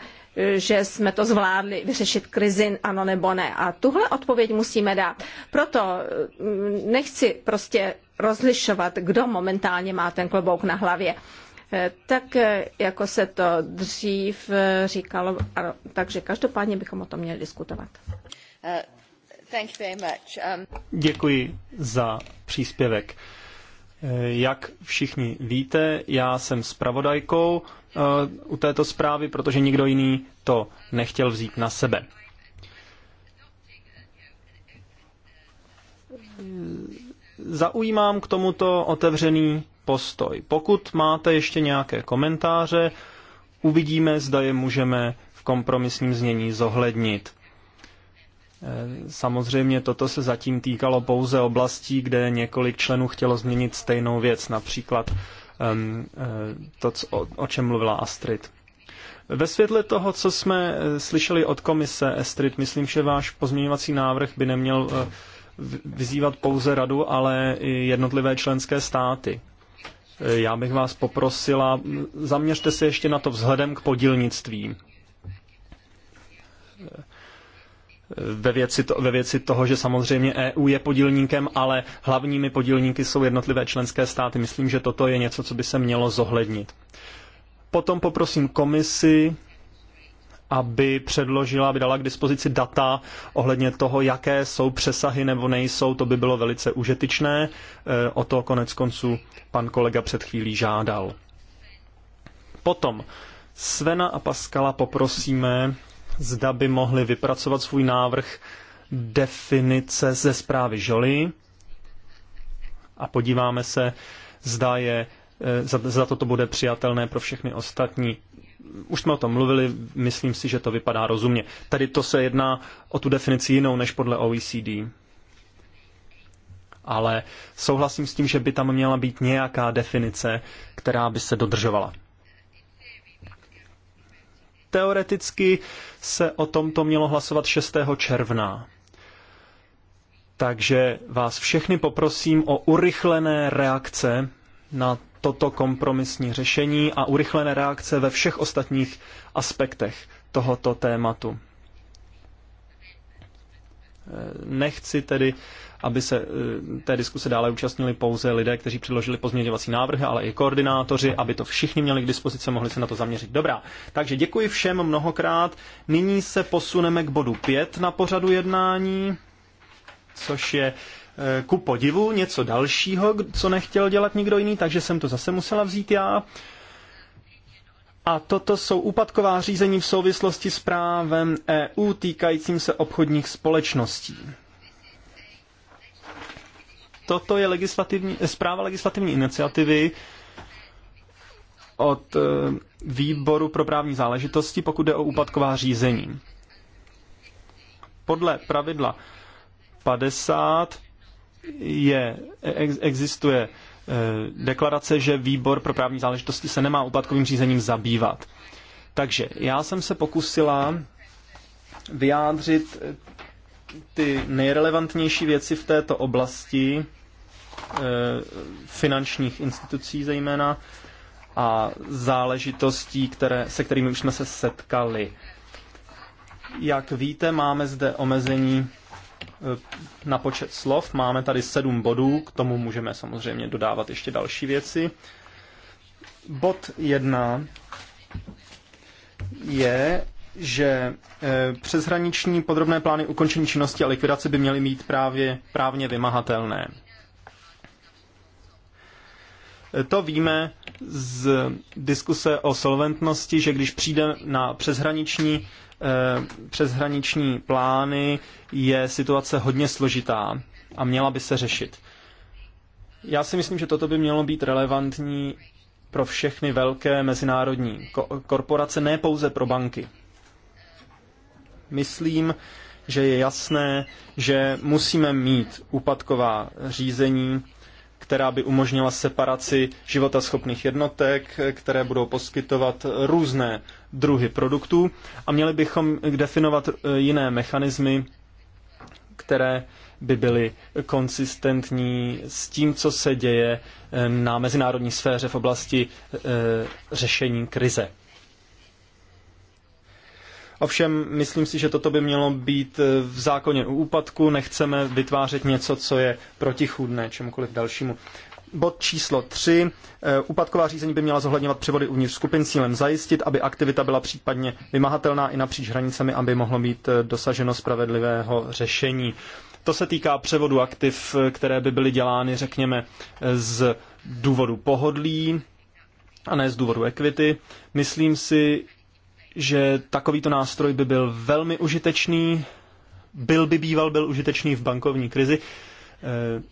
že jsme to zvládli vyřešit krizi, ano nebo ne. A tuhle odpověď musíme dát. Proto mm, nechci prostě rozlišovat, kdo momentálně má ten klobouk na hlavě. Eh, tak eh, jako se to dřív eh, říkalo, takže každopádně bychom o tom měli diskutovat. Um, Děkuji za příspěvek. Jak všichni víte, já jsem zpravodajkou Eh, u této zprávy, protože nikdo jiný to nechtěl vzít na sebe. Zaujímám k tomuto otevřený postoj. Pokud máte ještě nějaké komentáře, uvidíme, zda je můžeme v kompromisním znění zohlednit. Eh, samozřejmě toto se zatím týkalo pouze oblastí, kde několik členů chtělo změnit stejnou věc, například Eh, to, o, o čem mluvila Astrid. Ve světle toho, co jsme eh, slyšeli od komise Estrid, myslím, že váš pozměňovací návrh by neměl eh, vyzývat pouze radu, ale i jednotlivé členské státy. Já bych vás poprosila, zaměřte se ještě na to vzhledem k podílnictví. ve věci, to, ve věci toho, že samozřejmě EU je podílníkem, ale hlavními podílníky jsou jednotlivé členské státy. Myslím, že toto je něco, co by se mělo zohlednit. Potom poprosím komisi, aby předložila, aby dala k dispozici data ohledně toho, jaké jsou přesahy nebo nejsou, to by bylo velice užitečné. E, o to konec konců pan kolega před chvílí žádal. Potom Svena a Paskala poprosíme, zda by mohli vypracovat svůj návrh definice ze zprávy Žoli a podíváme se, zda je eh, za, za to to bude přijatelné pro všechny ostatní. Už jsme o tom mluvili, myslím si, že to vypadá rozumně. Tady to se jedná o tu definici jinou než podle OECD. Ale souhlasím s tím, že by tam měla být nějaká definice, která by se dodržovala. Teoreticky se o tomto mělo hlasovat 6. června. Takže vás všechny poprosím o urychlené reakce na toto kompromisní řešení a urychlené reakce ve všech ostatních aspektech tohoto tématu. Nechci tedy aby se eh, té diskuse dále účastnili pouze lidé, kteří předložili pozměňovací návrhy, ale i koordinátoři, aby to všichni měli k dispozici, mohli se na to zaměřit. Dobrá, takže děkuji všem mnohokrát. Nyní se posuneme k bodu 5 na pořadu jednání, což je eh, ku podivu něco dalšího, co nechtěl dělat nikdo jiný, takže jsem to zase musela vzít já. A toto jsou úpadková řízení v souvislosti s právem EU týkajícím se obchodních společností. Toto je legislativní, zpráva legislativní iniciativy od eh, výboru pro právní záležitosti, pokud jde o úpadková řízení. Podle pravidla 50 je, existuje eh, deklarace, že výbor pro právní záležitosti se nemá úpadkovým řízením zabývat. Takže já jsem se pokusila vyjádřit ty nejrelevantnější věci v této oblasti eh, finančních institucí zejména a záležitostí, které, se kterými už jsme se setkali. Jak víte, máme zde omezení eh, na počet slov. Máme tady sedm bodů, k tomu můžeme samozřejmě dodávat ještě další věci. Bod jedna je že eh, přeshraniční podrobné plány ukončení činnosti a likvidace by měly být právě právně vymahatelné. Eh, to víme z diskuse o solventnosti, že když přijde na přeshraniční, eh, přeshraniční plány, je situace hodně složitá a měla by se řešit. Já si myslím, že toto by mělo být relevantní pro všechny velké mezinárodní korporace, ne pouze pro banky. Myslím, že je jasné, že musíme mít úpadková řízení, která by umožnila separaci životaschopných jednotek, které budou poskytovat různé druhy produktů a měli bychom definovat eh, jiné mechanismy, které by byly konsistentní s tím, co se děje eh, na mezinárodní sféře v oblasti eh, řešení krize. Ovšem, myslím si, že toto by mělo být eh, v zákoně u úpadku. Nechceme vytvářet něco, co je protichůdné čemukoliv dalšímu. Bod číslo 3. Eh, úpadková řízení by měla zohledňovat převody uvnitř skupin s cílem zajistit, aby aktivita byla případně vymahatelná i napříč hranicemi, aby mohlo být eh, dosaženo spravedlivého řešení. To se týká převodu aktiv, které by byly dělány, řekněme, z důvodu pohodlí a ne z důvodu equity. Myslím si, že takovýto nástroj by byl velmi užitečný, byl by býval, byl užitečný v bankovní krizi, eh,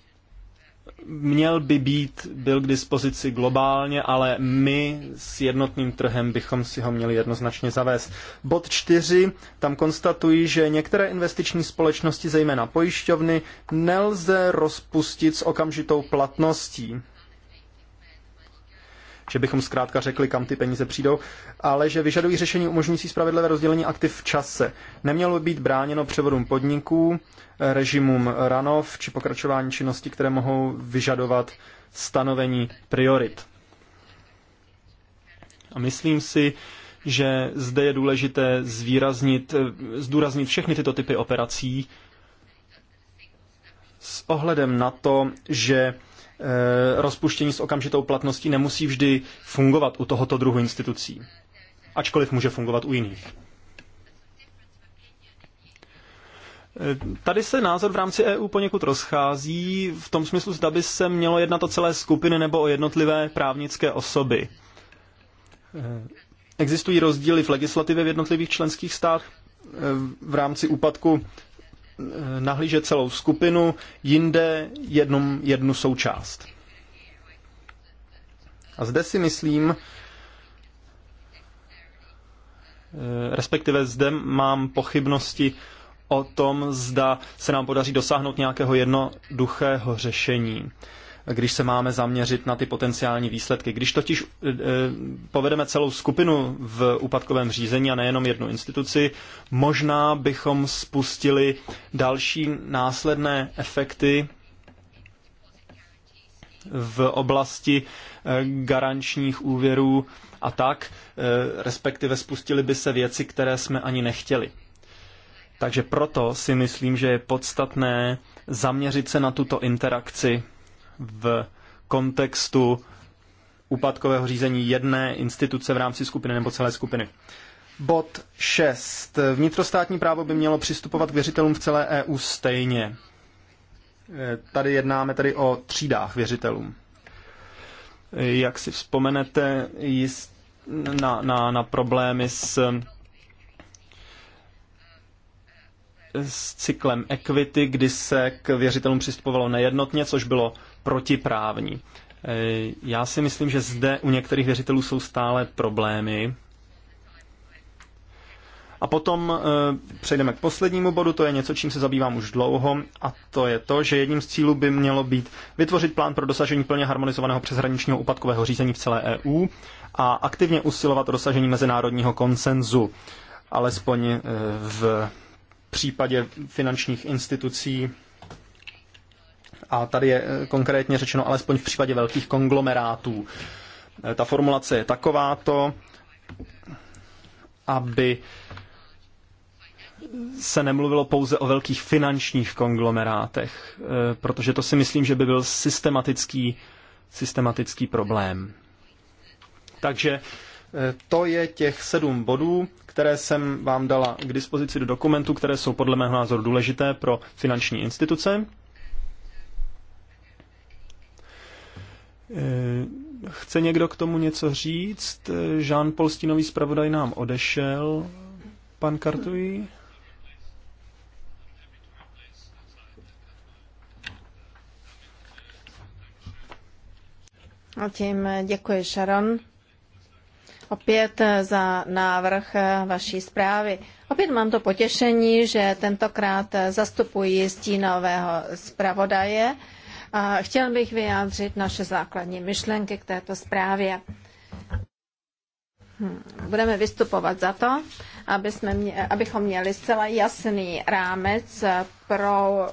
měl by být, byl k dispozici globálně, ale my s jednotným trhem bychom si ho měli jednoznačně zavést. Bod čtyři: tam konstatují, že některé investiční společnosti, zejména pojišťovny, nelze rozpustit s okamžitou platností že bychom zkrátka řekli, kam ty peníze přijdou, ale že vyžadují řešení umožňující spravedlivé rozdělení aktiv v čase. Nemělo být bráněno převodům podniků, eh, režimům ranov či pokračování činností, které mohou vyžadovat stanovení priorit. A myslím si, že zde je důležité zvýraznit, eh, zdůraznit všechny tyto typy operací s ohledem na to, že Eh, rozpuštění s okamžitou platností nemusí vždy fungovat u tohoto druhu institucí, ačkoliv může fungovat u jiných. Eh, tady se názor v rámci EU poněkud rozchází v tom smyslu, zda by se mělo jednat o celé skupiny nebo o jednotlivé právnické osoby. Eh, existují rozdíly v legislativě v jednotlivých členských státech v rámci úpadku nahlížet celou skupinu, jinde jednom, jednu součást. A zde si myslím, eh, respektive zde mám pochybnosti o tom, zda se nám podaří dosáhnout nějakého jednoduchého řešení když se máme zaměřit na ty potenciální výsledky. Když totiž eh, eh, povedeme celou skupinu v úpadkovém řízení a nejenom jednu instituci, možná bychom spustili další následné efekty v oblasti eh, garančních úvěrů a tak, respektive spustili by se věci, které jsme ani nechtěli. Takže proto si myslím, že je podstatné zaměřit se na tuto interakci v kontextu úpadkového řízení jedné instituce v rámci skupiny nebo celé skupiny. Bod 6. Vnitrostátní právo by mělo přistupovat k věřitelům v celé EU stejně. E, tady jednáme tedy o třídách věřitelům. E, jak si vzpomenete na, na, na problémy s, s cyklem equity, kdy se k věřitelům přistupovalo nejednotně, což bylo protiprávní. E, já si myslím, že zde u některých věřitelů jsou stále problémy. A potom e, přejdeme k poslednímu bodu, to je něco, čím se zabývám už dlouho, a to je to, že jedním z cílů by mělo být vytvořit plán pro dosažení plně harmonizovaného přeshraničního úpadkového řízení v celé EU a aktivně usilovat o dosažení mezinárodního konsenzu, alespoň e, v případě finančních institucí a tady je eh, konkrétně řečeno alespoň v případě velkých konglomerátů. Eh, ta formulace je takováto, aby se nemluvilo pouze o velkých finančních konglomerátech, eh, protože to si myslím, že by byl systematický, systematický problém. Takže to je těch sedm bodů, které jsem vám dala k dispozici do dokumentu, které jsou podle mého názoru důležité pro finanční instituce. Eh, chce někdo k tomu něco říct? Jean eh, Paul Stínový zpravodaj nám odešel. Pan Kartuji? A tím eh, děkuji Sharon opět za návrh vaší zprávy. Opět mám to potěšení, že tentokrát zastupuji stínového zpravodaje Chtěl bych vyjádřit naše základní myšlenky k této zprávě. Hm, budeme vystupovat za to, aby jsme mě, abychom měli zcela jasný rámec pro eh,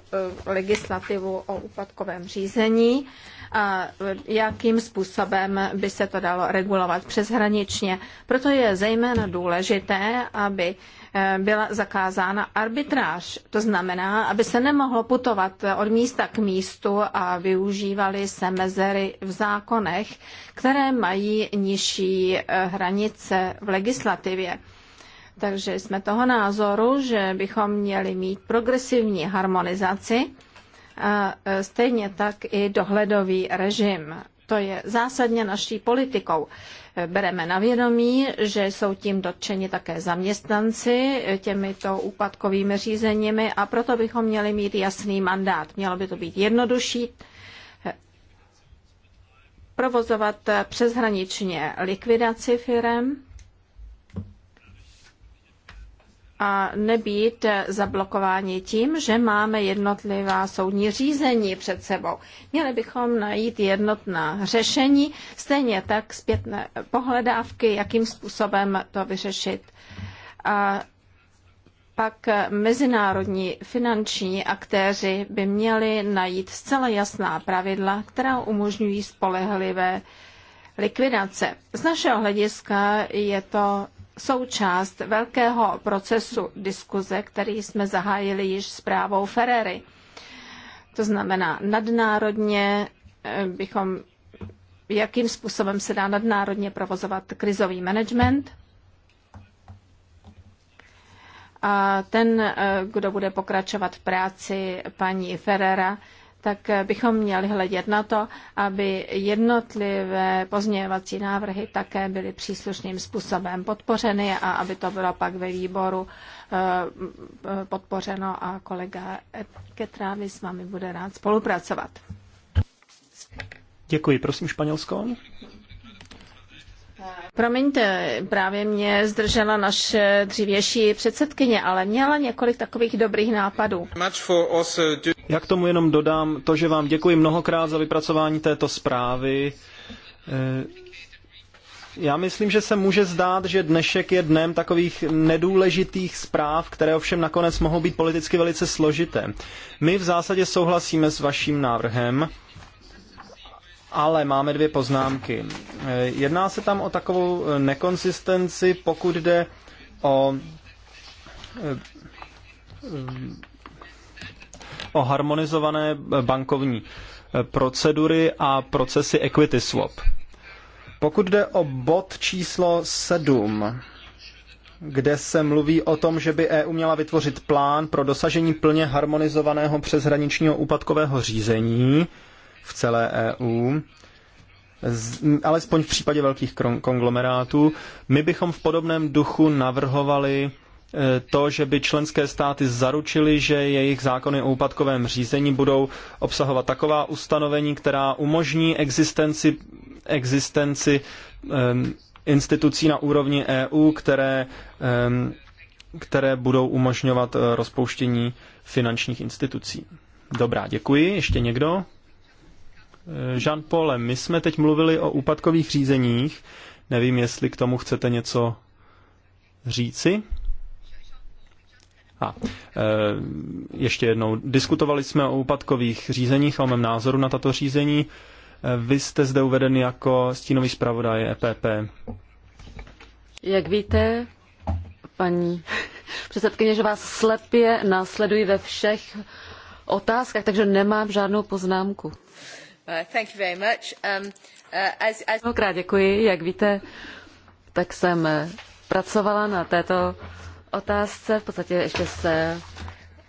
legislativu o úpadkovém řízení a jakým způsobem by se to dalo regulovat přeshraničně. Proto je zejména důležité, aby Eh, byla zakázána arbitráž. To znamená, aby se nemohlo putovat od místa k místu a využívaly se mezery v zákonech, které mají nižší eh, hranice v legislativě. Takže jsme toho názoru, že bychom měli mít progresivní harmonizaci, a eh, stejně tak i dohledový režim. To je zásadně naší politikou bereme na vědomí, že jsou tím dotčeni také zaměstnanci těmito úpadkovými řízeními a proto bychom měli mít jasný mandát. Mělo by to být jednodušší provozovat přeshraničně likvidaci firem a nebýt zablokováni tím, že máme jednotlivá soudní řízení před sebou. Měli bychom najít jednotná řešení, stejně tak zpětné pohledávky, jakým způsobem to vyřešit. A pak mezinárodní finanční aktéři by měli najít zcela jasná pravidla, která umožňují spolehlivé likvidace. Z našeho hlediska je to součást velkého procesu diskuze, který jsme zahájili již s právou Ferrery. To znamená, nadnárodně eh, bychom, jakým způsobem se dá nadnárodně provozovat krizový management. A ten, eh, kdo bude pokračovat v práci paní Ferrera, tak bychom měli hledět na to, aby jednotlivé pozměňovací návrhy také byly příslušným způsobem podpořeny a aby to bylo pak ve výboru eh, podpořeno a kolega Ketrávy s vámi bude rád spolupracovat. Děkuji. Prosím Španělsko. Promiňte, právě mě zdržela naše dřívější předsedkyně, ale měla několik takových dobrých nápadů. Já k tomu jenom dodám to, že vám děkuji mnohokrát za vypracování této zprávy. Eh, já myslím, že se může zdát, že dnešek je dnem takových nedůležitých zpráv, které ovšem nakonec mohou být politicky velice složité. My v zásadě souhlasíme s vaším návrhem ale máme dvě poznámky. Eh, jedná se tam o takovou eh, nekonsistenci, pokud jde o eh, o harmonizované bankovní procedury a procesy equity swap. Pokud jde o bod číslo 7, kde se mluví o tom, že by EU měla vytvořit plán pro dosažení plně harmonizovaného přeshraničního úpadkového řízení, v celé EU, alespoň v případě velkých konglomerátů. My bychom v podobném duchu navrhovali e, to, že by členské státy zaručily, že jejich zákony o úpadkovém řízení budou obsahovat taková ustanovení, která umožní existenci, existenci um, institucí na úrovni EU, které, um, které budou umožňovat e, rozpouštění finančních institucí. Dobrá, děkuji. Ještě někdo? Jean Paule, my jsme teď mluvili o úpadkových řízeních. Nevím, jestli k tomu chcete něco říci. A eh, ještě jednou, diskutovali jsme o úpadkových řízeních a o mém názoru na tato řízení. Eh, vy jste zde uveden jako stínový zpravodaj EPP. Jak víte, paní předsedkyně, že vás slepě následují ve všech otázkách, takže nemám žádnou poznámku. Uh, um, uh, Mnohokrát děkuji. Jak víte, tak jsem eh, pracovala na této otázce. V podstatě ještě z eh,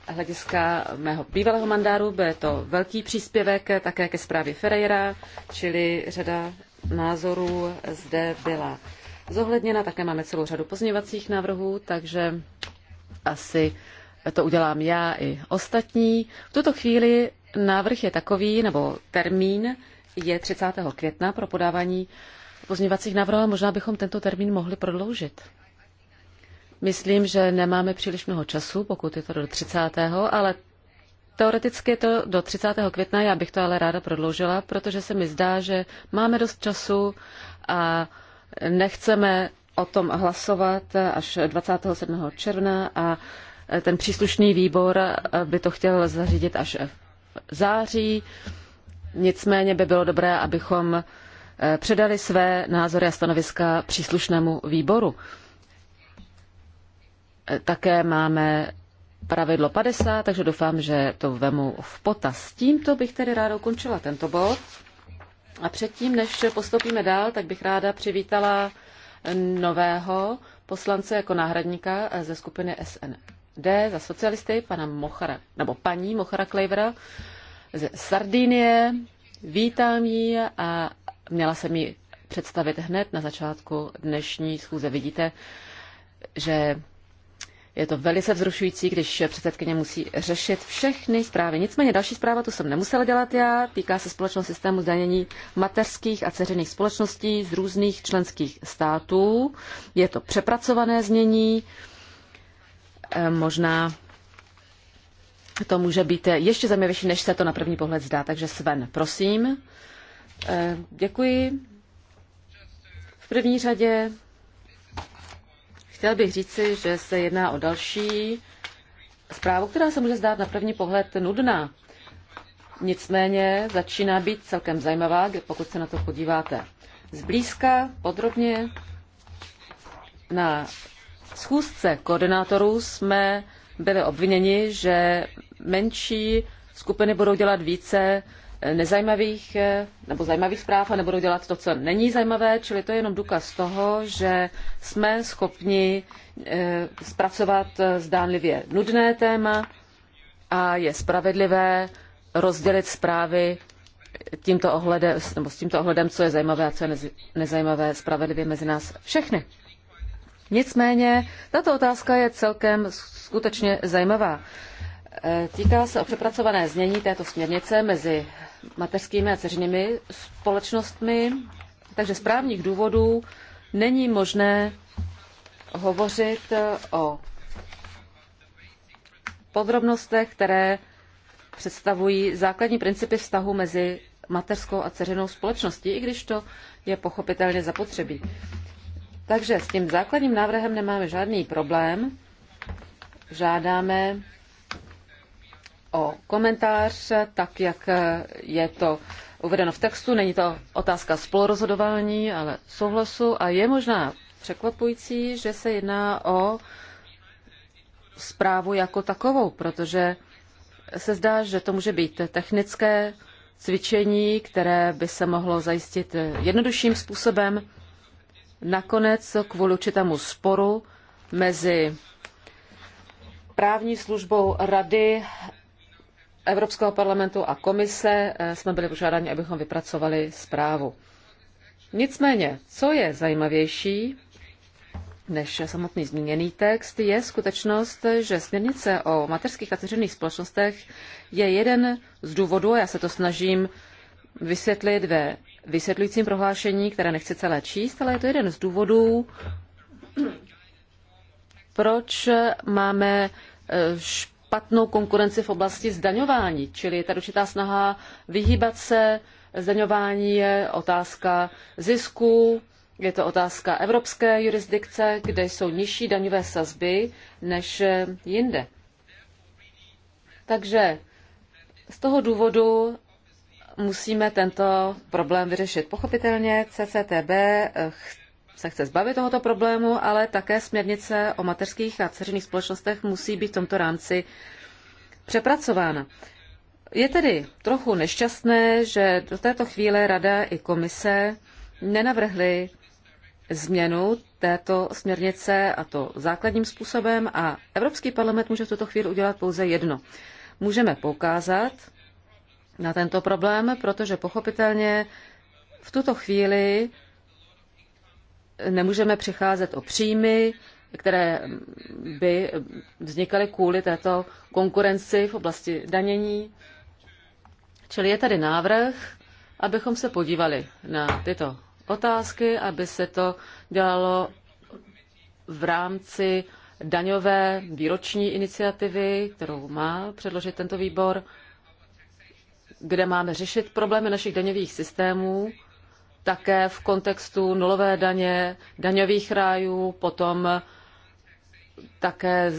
hlediska mého bývalého mandáru byl to velký příspěvek eh, také ke zprávě Ferreira, čili řada názorů zde byla zohledněna. Také máme celou řadu pozměňovacích návrhů, takže asi to udělám já i ostatní. V tuto chvíli Návrh je takový, nebo termín je 30. května pro podávání pozměňovacích návrhů, ale možná bychom tento termín mohli prodloužit. Myslím, že nemáme příliš mnoho času, pokud je to do 30., ale teoreticky je to do 30. května, já bych to ale ráda prodloužila, protože se mi zdá, že máme dost času a nechceme o tom hlasovat až 27. června a ten příslušný výbor by to chtěl zařídit až září. Nicméně by bylo dobré, abychom eh, předali své názory a stanoviska příslušnému výboru. Eh, také máme pravidlo 50, takže doufám, že to vemu v potaz. Tímto bych tedy ráda ukončila tento bod. A předtím, než postoupíme dál, tak bych ráda přivítala nového poslance jako náhradníka eh, ze skupiny SND. D za socialisty, pana Mochara, nebo paní Mochara Klejvera z Sardinie. Vítám ji a měla jsem ji představit hned na začátku dnešní schůze. Vidíte, že je to velice vzrušující, když předsedkyně musí řešit všechny zprávy. Nicméně další zpráva tu jsem nemusela dělat já, týká se společného systému zdanění mateřských a ceřiných společností z různých členských států. Je to přepracované znění, Eh, možná to může být ještě zajímavější, než se to na první pohled zdá. Takže Sven, prosím. Eh, děkuji. V první řadě chtěl bych říci, že se jedná o další zprávu, která se může zdát na první pohled nudná. Nicméně začíná být celkem zajímavá, pokud se na to podíváte zblízka, podrobně na schůzce koordinátorů jsme byli obviněni, že menší skupiny budou dělat více eh, nezajímavých eh, nebo zajímavých zpráv a nebudou dělat to, co není zajímavé, čili to je jenom důkaz toho, že jsme schopni eh, zpracovat zdánlivě nudné téma a je spravedlivé rozdělit zprávy tímto ohledem, nebo s tímto ohledem, co je zajímavé a co je nezajímavé, spravedlivě mezi nás všechny. Nicméně tato otázka je celkem skutečně zajímavá. E, týká se o přepracované znění této směrnice mezi mateřskými a ceřinými společnostmi, takže z právních důvodů není možné hovořit o podrobnostech, které představují základní principy vztahu mezi mateřskou a dceřinou společností, i když to je pochopitelně zapotřebí. Takže s tím základním návrhem nemáme žádný problém. Žádáme o komentář, tak jak je to uvedeno v textu. Není to otázka spolorozhodování, ale souhlasu. A je možná překvapující, že se jedná o zprávu jako takovou, protože se zdá, že to může být technické cvičení, které by se mohlo zajistit jednodušším způsobem nakonec kvůli určitému sporu mezi právní službou Rady Evropského parlamentu a komise eh, jsme byli požádáni, abychom vypracovali zprávu. Nicméně, co je zajímavější než samotný zmíněný text, je skutečnost, že směrnice o mateřských a dceřiných společnostech je jeden z důvodů, já se to snažím vysvětlit ve vysvětlujícím prohlášení, které nechci celé číst, ale je to jeden z důvodů, proč máme e, špatnou konkurenci v oblasti zdaňování, čili je tady určitá snaha vyhýbat se zdaňování je otázka zisku, je to otázka evropské jurisdikce, kde jsou nižší daňové sazby než jinde. Takže z toho důvodu musíme tento problém vyřešit. Pochopitelně CCTB eh, se chce zbavit tohoto problému, ale také směrnice o mateřských a dceřiných společnostech musí být v tomto rámci přepracována. Je tedy trochu nešťastné, že do této chvíle Rada i komise nenavrhly změnu této směrnice a to základním způsobem a Evropský parlament může v tuto chvíli udělat pouze jedno. Můžeme poukázat na tento problém, protože pochopitelně v tuto chvíli nemůžeme přicházet o příjmy, které by vznikaly kvůli této konkurenci v oblasti danění. Čili je tady návrh, abychom se podívali na tyto otázky, aby se to dělalo v rámci daňové výroční iniciativy, kterou má předložit tento výbor kde máme řešit problémy našich daňových systémů, také v kontextu nulové daně, daňových rájů, potom také,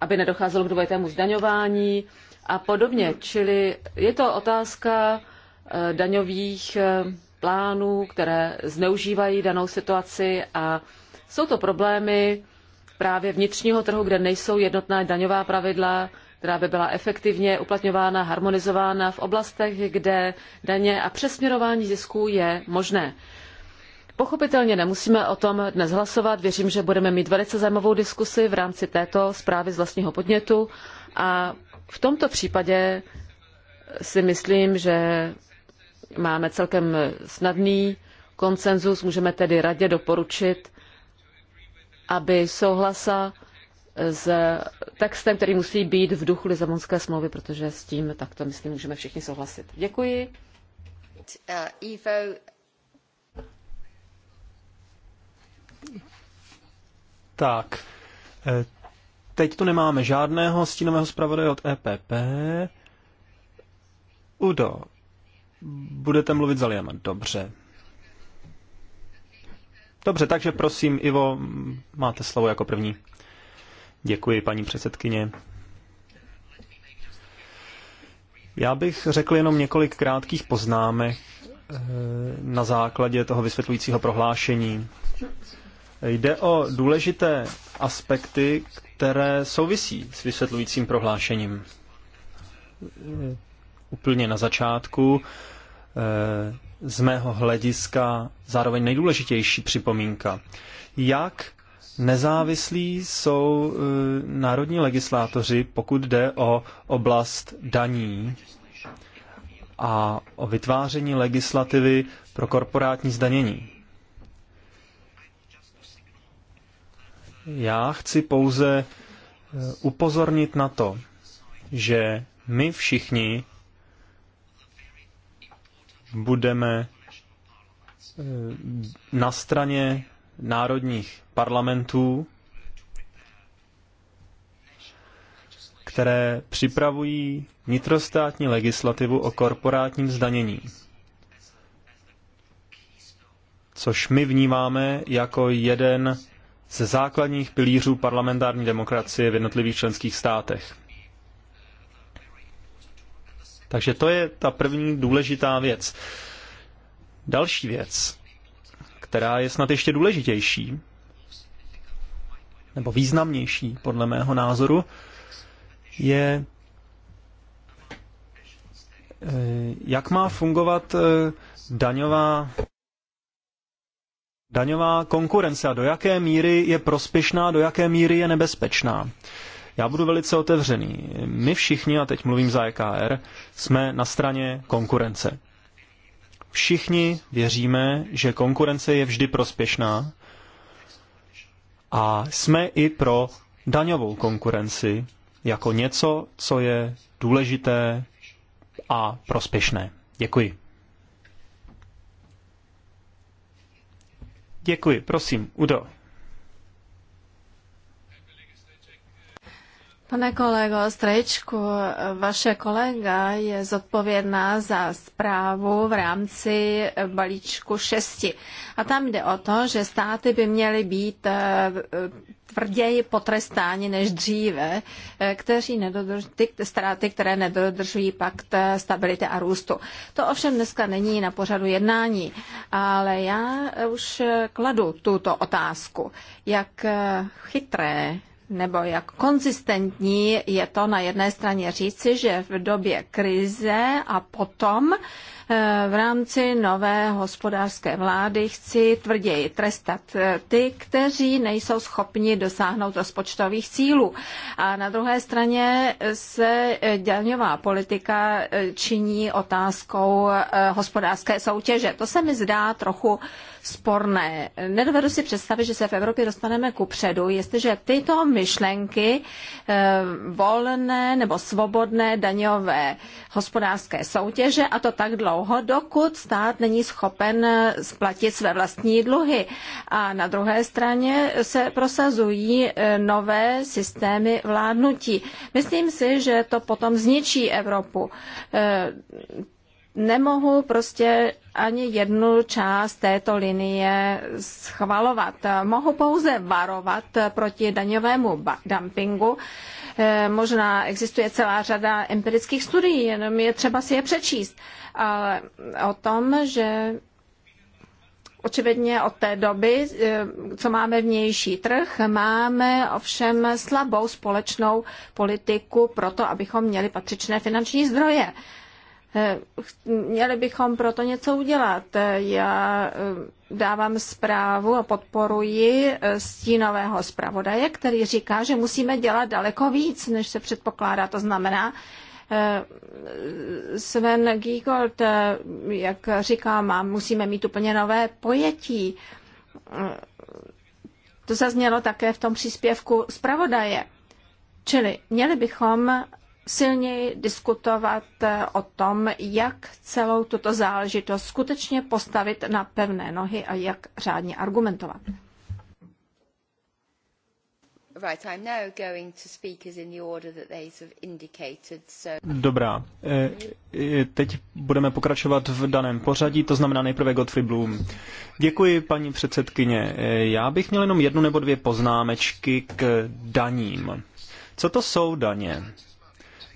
aby nedocházelo k dvojitému zdaňování a podobně. Čili je to otázka eh, daňových eh, plánů, které zneužívají danou situaci a jsou to problémy právě vnitřního trhu, kde nejsou jednotná daňová pravidla, která by byla efektivně uplatňována, harmonizována v oblastech, kde daně a přesměrování zisků je možné. Pochopitelně nemusíme o tom dnes hlasovat. Věřím, že budeme mít velice zajímavou diskusi v rámci této zprávy z vlastního podnětu a v tomto případě si myslím, že máme celkem snadný konsenzus, můžeme tedy radě doporučit, aby souhlasa s textem, který musí být v duchu Lizabonské smlouvy, protože s tím takto, myslím, můžeme všichni souhlasit. Děkuji. Uh, Ivo. Tak, eh, teď tu nemáme žádného stínového zpravodaje od EPP. Udo, budete mluvit za Liam. Dobře. Dobře, takže prosím, Ivo, máte slovo jako první. Děkuji, paní předsedkyně. Já bych řekl jenom několik krátkých poznámek eh, na základě toho vysvětlujícího prohlášení. Jde o důležité aspekty, které souvisí s vysvětlujícím prohlášením. Eh, úplně na začátku eh, z mého hlediska zároveň nejdůležitější připomínka. Jak Nezávislí jsou e, národní legislátoři, pokud jde o oblast daní a o vytváření legislativy pro korporátní zdanění. Já chci pouze e, upozornit na to, že my všichni budeme e, na straně národních parlamentů, které připravují nitrostátní legislativu o korporátním zdanění, což my vnímáme jako jeden ze základních pilířů parlamentární demokracie v jednotlivých členských státech. Takže to je ta první důležitá věc. Další věc která je snad ještě důležitější, nebo významnější, podle mého názoru, je, eh, jak má fungovat eh, daňová daňová konkurence a do jaké míry je prospěšná, do jaké míry je nebezpečná. Já budu velice otevřený. My všichni, a teď mluvím za EKR, jsme na straně konkurence. Všichni věříme, že konkurence je vždy prospěšná a jsme i pro daňovou konkurenci jako něco, co je důležité a prospěšné. Děkuji. Děkuji, prosím, Udo. Pane kolego Strejčku, vaše kolega je zodpovědná za zprávu v rámci balíčku 6. A tam jde o to, že státy by měly být eh, tvrději potrestáni než dříve, eh, kteří ty státy, které nedodržují pakt eh, stability a růstu. To ovšem dneska není na pořadu jednání, ale já už kladu tuto otázku. Jak chytré nebo jak konzistentní je to na jedné straně říci, že v době krize a potom uh, Eh, v rámci nové hospodářské vlády chci tvrději trestat eh, ty, kteří nejsou schopni dosáhnout rozpočtových cílů. A na druhé straně se eh, daňová politika činí otázkou hospodářské soutěže. To se mi zdá trochu sporné. Nedovedu si představit, že se v Evropě dostaneme ku předu, jestliže tyto myšlenky volné nebo svobodné daňové hospodářské soutěže a to tak dlouho, dlouho, dokud stát není schopen splatit své vlastní dluhy. A na druhé straně se prosazují eh, nové systémy vládnutí. Myslím si, že to potom zničí Evropu eh, nemohu prostě ani jednu část této linie schvalovat. Mohu pouze varovat proti daňovému dumpingu, Eh, možná existuje celá řada empirických studií, jenom je třeba si je přečíst. Ale o tom, že Očividně od té doby, eh, co máme vnější trh, máme ovšem slabou společnou politiku pro to, abychom měli patřičné finanční zdroje. Eh, měli bychom proto něco udělat. Já eh, dávám zprávu a podporuji eh, stínového zpravodaje, který říká, že musíme dělat daleko víc, než se předpokládá. To znamená, Sven Giegold, jak říká, musíme mít úplně nové pojetí. To zaznělo také v tom příspěvku zpravodaje. Čili měli bychom silněji diskutovat eh, o tom, jak celou tuto záležitost skutečně postavit na pevné nohy a jak řádně argumentovat. Dobrá, eh, eh, teď budeme pokračovat v daném pořadí, to znamená nejprve Godfrey Bloom. Děkuji, paní předsedkyně. Já bych měl jenom jednu nebo dvě poznámečky k daním. Co to jsou daně?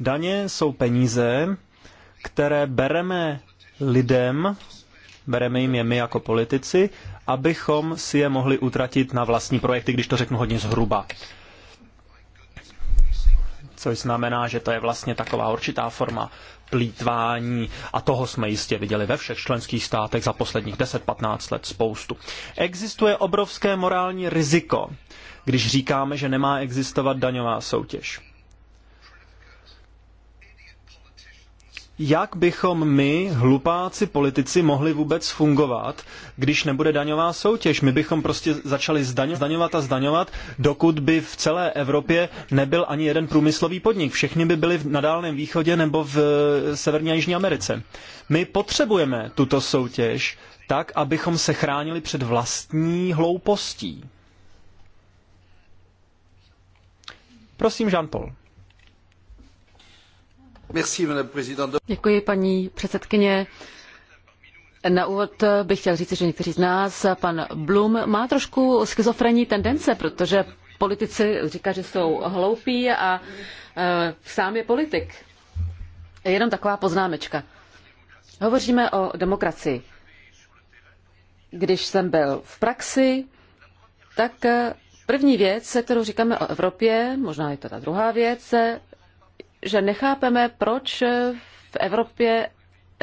Daně jsou peníze, které bereme lidem, bereme jim je my jako politici, abychom si je mohli utratit na vlastní projekty, když to řeknu hodně zhruba. Což znamená, že to je vlastně taková určitá forma plítvání a toho jsme jistě viděli ve všech členských státech za posledních 10-15 let spoustu. Existuje obrovské morální riziko, když říkáme, že nemá existovat daňová soutěž. jak bychom my, hlupáci politici, mohli vůbec fungovat, když nebude daňová soutěž. My bychom prostě začali zdaňovat a zdaňovat, dokud by v celé Evropě nebyl ani jeden průmyslový podnik. Všechny by byly na Dálném východě nebo v eh, Severní a Jižní Americe. My potřebujeme tuto soutěž tak, abychom se chránili před vlastní hloupostí. Prosím, Jean-Paul. Děkuji, paní předsedkyně. Na úvod bych chtěl říct, že někteří z nás, pan Blum, má trošku schizofrenní tendence, protože politici říká, že jsou hloupí a e, sám je politik. Jenom taková poznámečka. Hovoříme o demokracii. Když jsem byl v praxi, tak e, První věc, kterou říkáme o Evropě, možná je to ta druhá věc, že nechápeme, proč v Evropě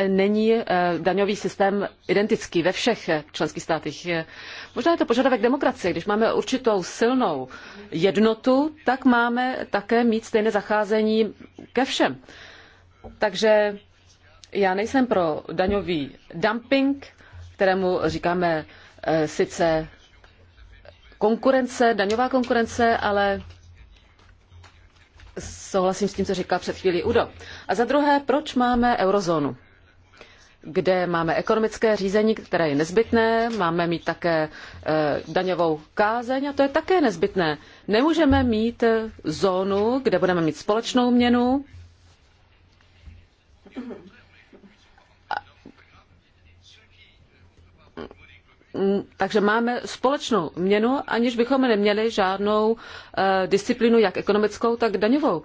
není eh, daňový systém identický ve všech eh, členských státech. Možná je to požadavek demokracie. Když máme určitou silnou jednotu, tak máme také mít stejné zacházení ke všem. Takže já nejsem pro daňový dumping, kterému říkáme eh, sice konkurence, daňová konkurence, ale souhlasím s tím, co říkal před chvílí Udo. A za druhé, proč máme eurozónu? kde máme ekonomické řízení, které je nezbytné, máme mít také e, daňovou kázeň a to je také nezbytné. Nemůžeme mít e, zónu, kde budeme mít společnou měnu, Mm, takže máme společnou měnu, aniž bychom neměli žádnou eh, disciplínu, jak ekonomickou, tak daňovou.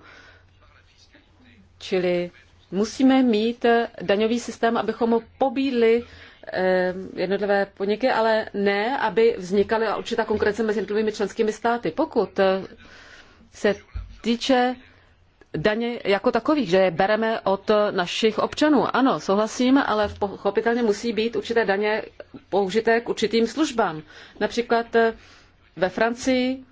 Čili musíme mít eh, daňový systém, abychom pobídli eh, jednotlivé podniky, ale ne, aby vznikaly určitá konkurence mezi jednotlivými členskými státy. Pokud se týče daně jako takových, že je bereme od našich občanů. Ano, souhlasím, ale pochopitelně musí být určité daně použité k určitým službám. Například eh, ve Francii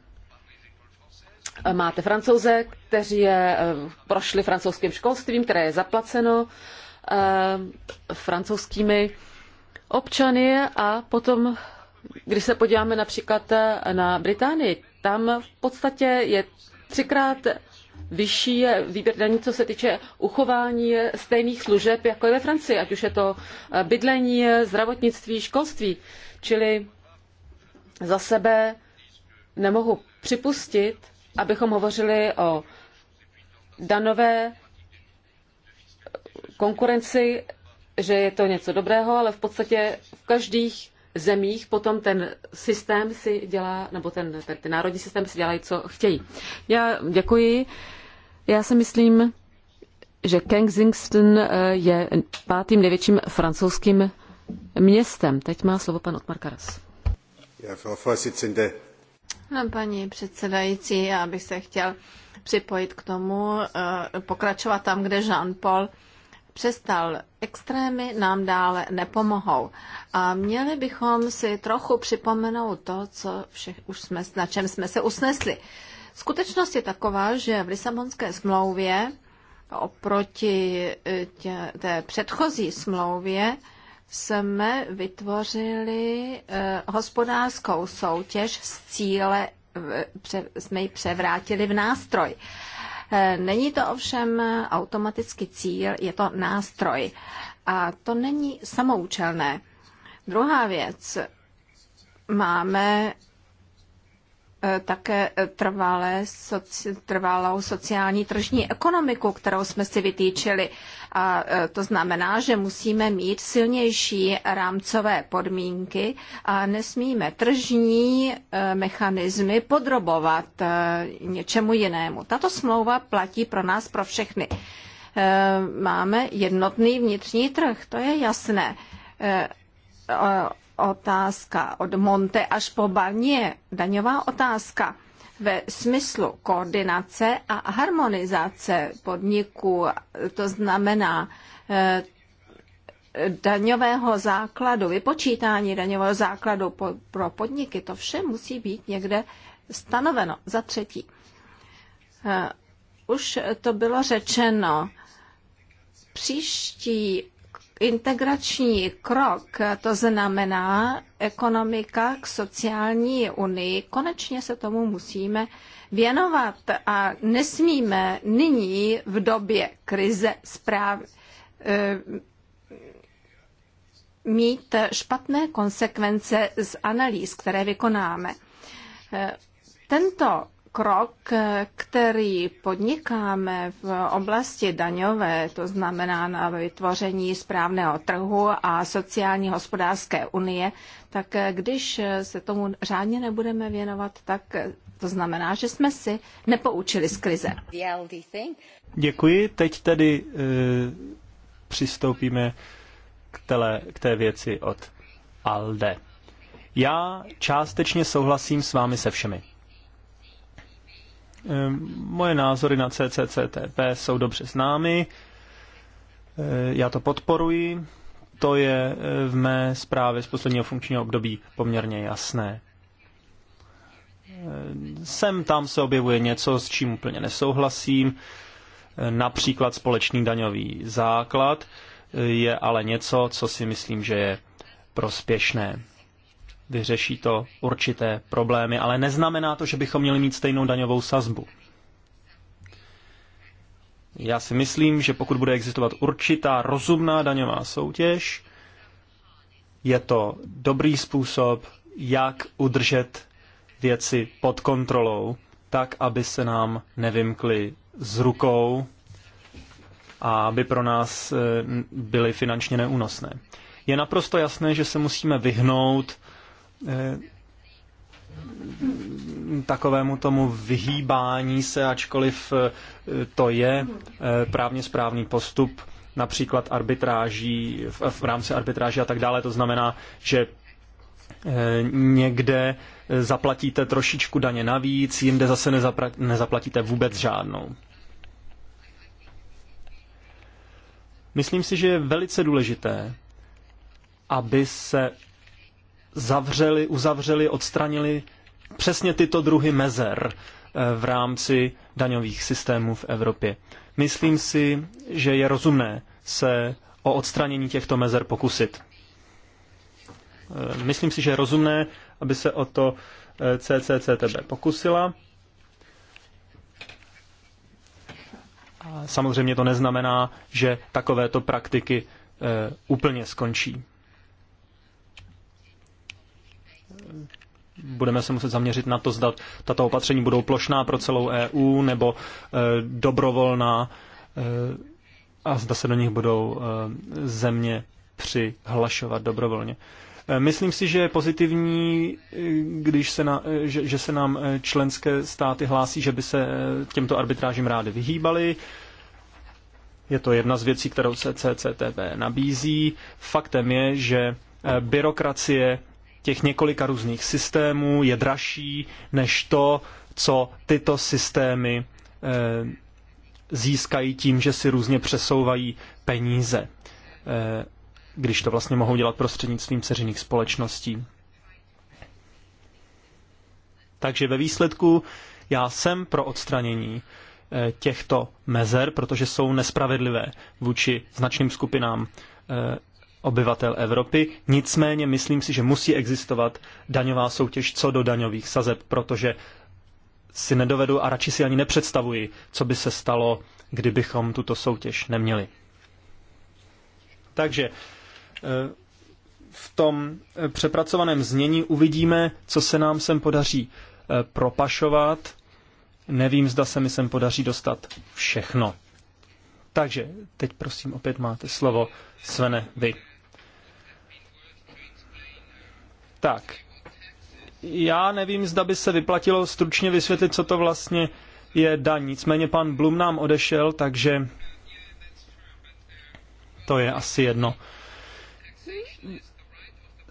eh, máte francouze, kteří je, eh, prošli francouzským školstvím, které je zaplaceno francouzskými občany a potom, když se podíváme například na Británii, tam v podstatě je třikrát vyšší výběr daní, co se týče uchování stejných služeb, jako je ve Francii, ať už je to eh, bydlení, zdravotnictví, školství. Čili za sebe nemohu připustit, abychom hovořili o danové konkurenci, že je to něco dobrého, ale v podstatě v každých zemích potom ten systém si dělá, nebo ten, ten, ten národní systém si dělají, co chtějí. Já děkuji. Já si myslím, že Kensington eh, je pátým největším francouzským městem. Teď má slovo pan Otmar Karas. No, paní předsedající, já bych se chtěl připojit k tomu, eh, pokračovat tam, kde Jean-Paul přestal. Extrémy nám dále nepomohou. A měli bychom si trochu připomenout to, co vše, už jsme, na čem jsme se usnesli. Skutečnost je taková, že v Lisabonské smlouvě oproti eh, tě, té předchozí smlouvě jsme vytvořili eh, hospodářskou soutěž s cíle, eh, jsme ji převrátili v nástroj. Eh, není to ovšem eh, automaticky cíl, je to nástroj. A to není samoučelné. Druhá věc. Máme Eh, také trvalé, soci, trvalou sociální tržní ekonomiku, kterou jsme si vytýčili. A eh, to znamená, že musíme mít silnější rámcové podmínky a nesmíme tržní eh, mechanismy podrobovat něčemu jinému. Tato smlouva platí pro nás, pro všechny. Máme jednotný vnitřní trh, to je jasné otázka od Monte až po Barnier, daňová otázka ve smyslu koordinace a harmonizace podniků, to znamená eh, daňového základu, vypočítání daňového základu pro podniky, to vše musí být někde stanoveno. Za třetí, eh, už to bylo řečeno, příští integrační krok, to znamená ekonomika k sociální unii, konečně se tomu musíme věnovat a nesmíme nyní v době krize zpráv eh, mít špatné konsekvence z analýz, které vykonáme. Eh, tento krok, který podnikáme v oblasti daňové, to znamená na vytvoření správného trhu a sociální hospodářské unie, tak když se tomu řádně nebudeme věnovat, tak to znamená, že jsme si nepoučili z krize. Děkuji. Teď tedy e, přistoupíme k, tele, k té věci od Alde. Já částečně souhlasím s vámi se všemi. Ehm, moje názory na CCCTP jsou dobře známy. Ehm, já to podporuji. To je ehm, v mé zprávě z posledního funkčního období poměrně jasné. Sem tam se objevuje něco, s čím úplně nesouhlasím, například společný daňový základ je ale něco, co si myslím, že je prospěšné. Vyřeší to určité problémy, ale neznamená to, že bychom měli mít stejnou daňovou sazbu. Já si myslím, že pokud bude existovat určitá rozumná daňová soutěž, je to dobrý způsob, jak udržet věci pod kontrolou, tak, aby se nám nevymkly z rukou a aby pro nás eh, byly finančně neúnosné. Je naprosto jasné, že se musíme vyhnout Eh, takovému tomu vyhýbání se, ačkoliv eh, to je eh, právně správný postup, například arbitráží, v, v rámci arbitráží a tak dále. To znamená, že někde zaplatíte trošičku daně navíc, jinde zase nezapra- nezaplatíte vůbec žádnou. Myslím si, že je velice důležité, aby se zavřeli, uzavřeli, odstranili přesně tyto druhy mezer eh, v rámci daňových systémů v Evropě. Myslím si, že je rozumné se o odstranění těchto mezer pokusit. Eh, myslím si, že je rozumné, aby se o to eh, CCCTB pokusila. samozřejmě to neznamená, že takovéto praktiky úplně skončí. budeme se muset zaměřit na to, zda tato opatření budou plošná pro celou EU nebo e, dobrovolná e, a zda se do nich budou e, země přihlašovat dobrovolně. Myslím si, že je pozitivní, když se na, že, že se nám členské státy hlásí, že by se těmto arbitrážím rádi vyhýbali. Je to jedna z věcí, kterou se CCTV nabízí. Faktem je, že byrokracie těch několika různých systémů je dražší než to, co tyto systémy eh, získají tím, že si různě přesouvají peníze, eh, když to vlastně mohou dělat prostřednictvím ceřiných společností. Takže ve výsledku já jsem pro odstranění eh, těchto mezer, protože jsou nespravedlivé vůči značným skupinám obyvatel Evropy. Nicméně myslím si, že musí existovat daňová soutěž co do daňových sazeb, protože si nedovedu a radši si ani nepředstavuji, co by se stalo, kdybychom tuto soutěž neměli. Takže eh, v tom eh, přepracovaném znění uvidíme, co se nám sem podaří eh, propašovat. Nevím, zda se mi sem podaří dostat všechno. Takže teď prosím opět máte slovo, Svene, vy. Tak, já nevím, zda by se vyplatilo stručně vysvětlit, co to vlastně je daň. Nicméně pan Blum nám odešel, takže to je asi jedno.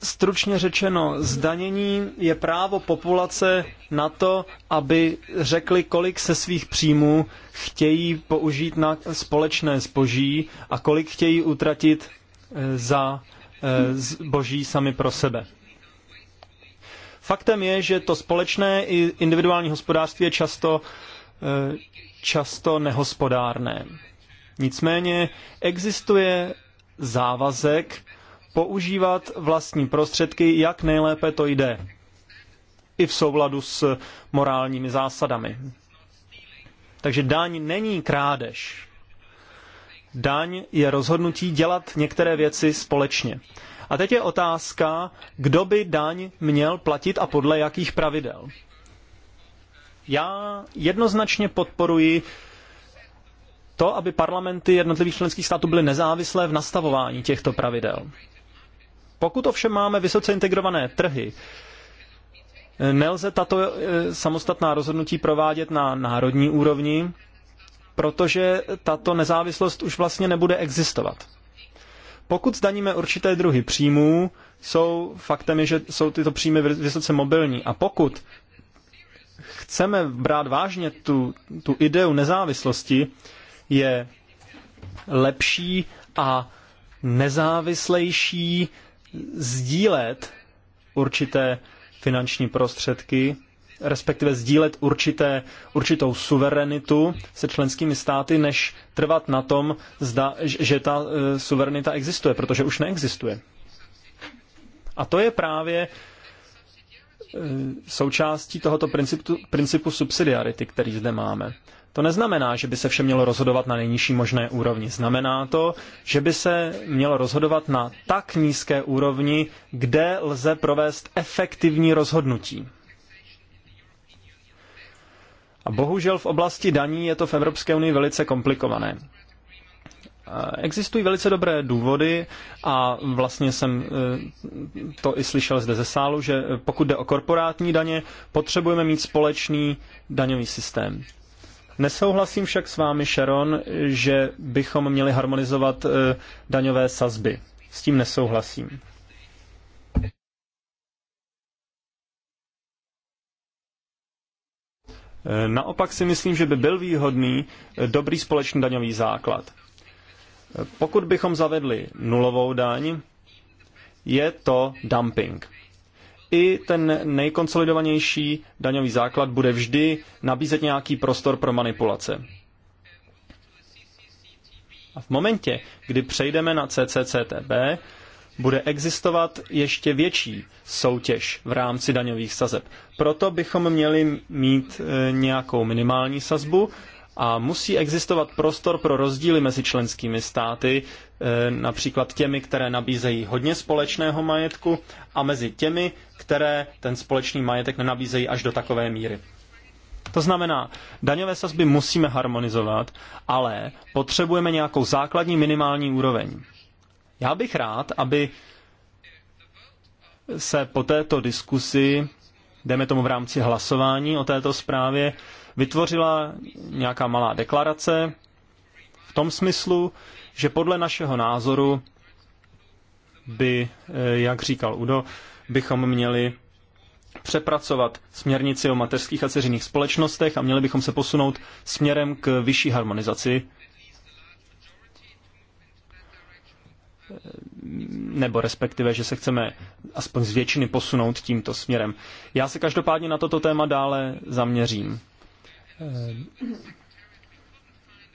Stručně řečeno, zdanění je právo populace na to, aby řekli, kolik se svých příjmů chtějí použít na společné zboží a kolik chtějí utratit eh, za eh, zboží sami pro sebe. Faktem je, že to společné i individuální hospodářství je často, eh, často nehospodárné. Nicméně existuje závazek používat vlastní prostředky, jak nejlépe to jde. I v souladu s morálními zásadami. Takže daň není krádež. Daň je rozhodnutí dělat některé věci společně. A teď je otázka, kdo by daň měl platit a podle jakých pravidel. Já jednoznačně podporuji to, aby parlamenty jednotlivých členských států byly nezávislé v nastavování těchto pravidel. Pokud ovšem máme vysoce integrované trhy, nelze tato eh, samostatná rozhodnutí provádět na národní úrovni, protože tato nezávislost už vlastně nebude existovat. Pokud zdaníme určité druhy příjmů, jsou faktem je, že jsou tyto příjmy vysoce mobilní. A pokud chceme brát vážně tu, tu ideu nezávislosti, je lepší a nezávislejší sdílet určité finanční prostředky respektive sdílet určité, určitou suverenitu se členskými státy, než trvat na tom, zda, že ta e, suverenita existuje, protože už neexistuje. A to je právě e, součástí tohoto principu, principu subsidiarity, který zde máme. To neznamená, že by se vše mělo rozhodovat na nejnižší možné úrovni. Znamená to, že by se mělo rozhodovat na tak nízké úrovni, kde lze provést efektivní rozhodnutí. A bohužel v oblasti daní je to v Evropské unii velice komplikované. Existují velice dobré důvody a vlastně jsem e, to i slyšel zde ze sálu, že pokud jde o korporátní daně, potřebujeme mít společný daňový systém. Nesouhlasím však s vámi, Sharon, že bychom měli harmonizovat e, daňové sazby. S tím nesouhlasím. Naopak si myslím, že by byl výhodný e, dobrý společný daňový základ. Pokud bychom zavedli nulovou daň, je to dumping. I ten nejkonsolidovanější daňový základ bude vždy nabízet nějaký prostor pro manipulace. A v momentě, kdy přejdeme na CCCTB, bude existovat ještě větší soutěž v rámci daňových sazeb. Proto bychom měli mít e, nějakou minimální sazbu a musí existovat prostor pro rozdíly mezi členskými státy, e, například těmi, které nabízejí hodně společného majetku a mezi těmi, které ten společný majetek nenabízejí až do takové míry. To znamená, daňové sazby musíme harmonizovat, ale potřebujeme nějakou základní minimální úroveň. Já bych rád, aby se po této diskusi, jdeme tomu v rámci hlasování o této zprávě, vytvořila nějaká malá deklarace v tom smyslu, že podle našeho názoru by, eh, jak říkal Udo, bychom měli přepracovat směrnici o mateřských a ceřinných společnostech a měli bychom se posunout směrem k vyšší harmonizaci nebo respektive, že se chceme aspoň z většiny posunout tímto směrem. Já se každopádně na toto téma dále zaměřím. Eh,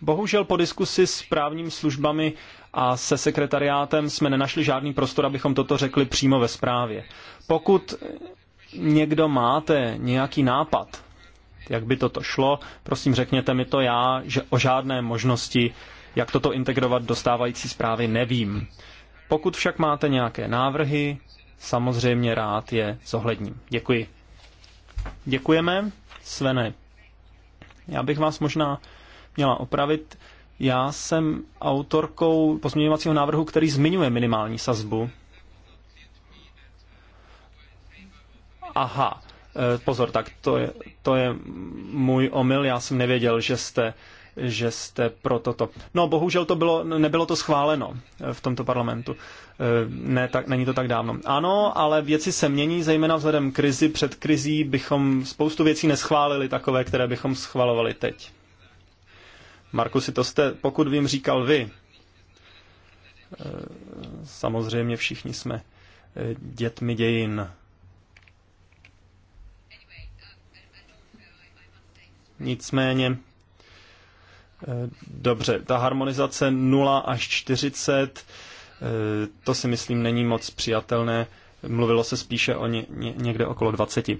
bohužel po diskusi s právním službami a se sekretariátem jsme nenašli žádný prostor, abychom toto řekli přímo ve zprávě. Pokud někdo máte nějaký nápad, jak by toto šlo, prosím řekněte mi to já, že o žádné možnosti jak toto integrovat do stávající zprávy, nevím. Pokud však máte nějaké návrhy, samozřejmě rád je zohledním. Děkuji. Děkujeme. Svene, já bych vás možná měla opravit. Já jsem autorkou pozměňovacího návrhu, který zmiňuje minimální sazbu. Aha, e, pozor, tak to je, to je můj omyl, já jsem nevěděl, že jste že jste pro toto. No, bohužel to bylo, nebylo to schváleno eh, v tomto parlamentu. Eh, ne, tak, není to tak dávno. Ano, ale věci se mění, zejména vzhledem krizi. Před krizí bychom spoustu věcí neschválili, takové, které bychom schvalovali teď. Marku, si to jste, pokud vím, říkal vy. Eh, samozřejmě všichni jsme dětmi dějin. Nicméně Eh, dobře, ta harmonizace 0 až 40, eh, to si myslím není moc přijatelné. Mluvilo se spíše o ně, ně, někde okolo 20.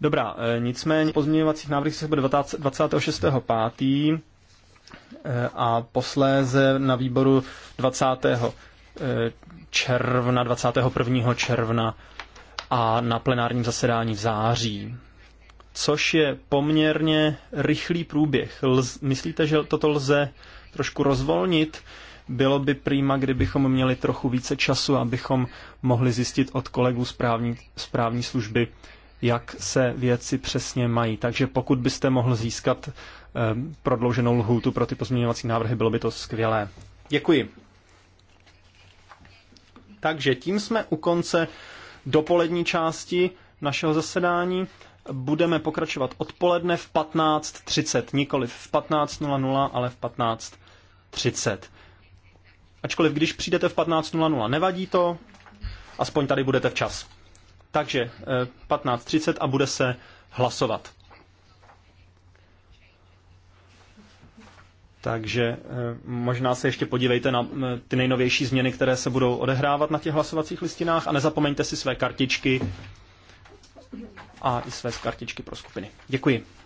Dobrá, eh, nicméně pozměňovacích návrhů se bude 26.5. a posléze na výboru 20. června, 21. června a na plenárním zasedání v září což je poměrně rychlý průběh. Lz, myslíte, že toto lze trošku rozvolnit? Bylo by prýma, kdybychom měli trochu více času, abychom mohli zjistit od kolegů z správní služby, jak se věci přesně mají. Takže pokud byste mohl získat eh, prodlouženou lhůtu pro ty pozměňovací návrhy, bylo by to skvělé. Děkuji. Takže tím jsme u konce dopolední části našeho zasedání budeme pokračovat odpoledne v 15.30, nikoli v 15.00, ale v 15.30. Ačkoliv, když přijdete v 15.00, nevadí to, aspoň tady budete včas. Takže 15.30 eh, a bude se hlasovat. Takže eh, možná se ještě podívejte na eh, ty nejnovější změny, které se budou odehrávat na těch hlasovacích listinách a nezapomeňte si své kartičky a i své kartičky pro skupiny. Děkuji.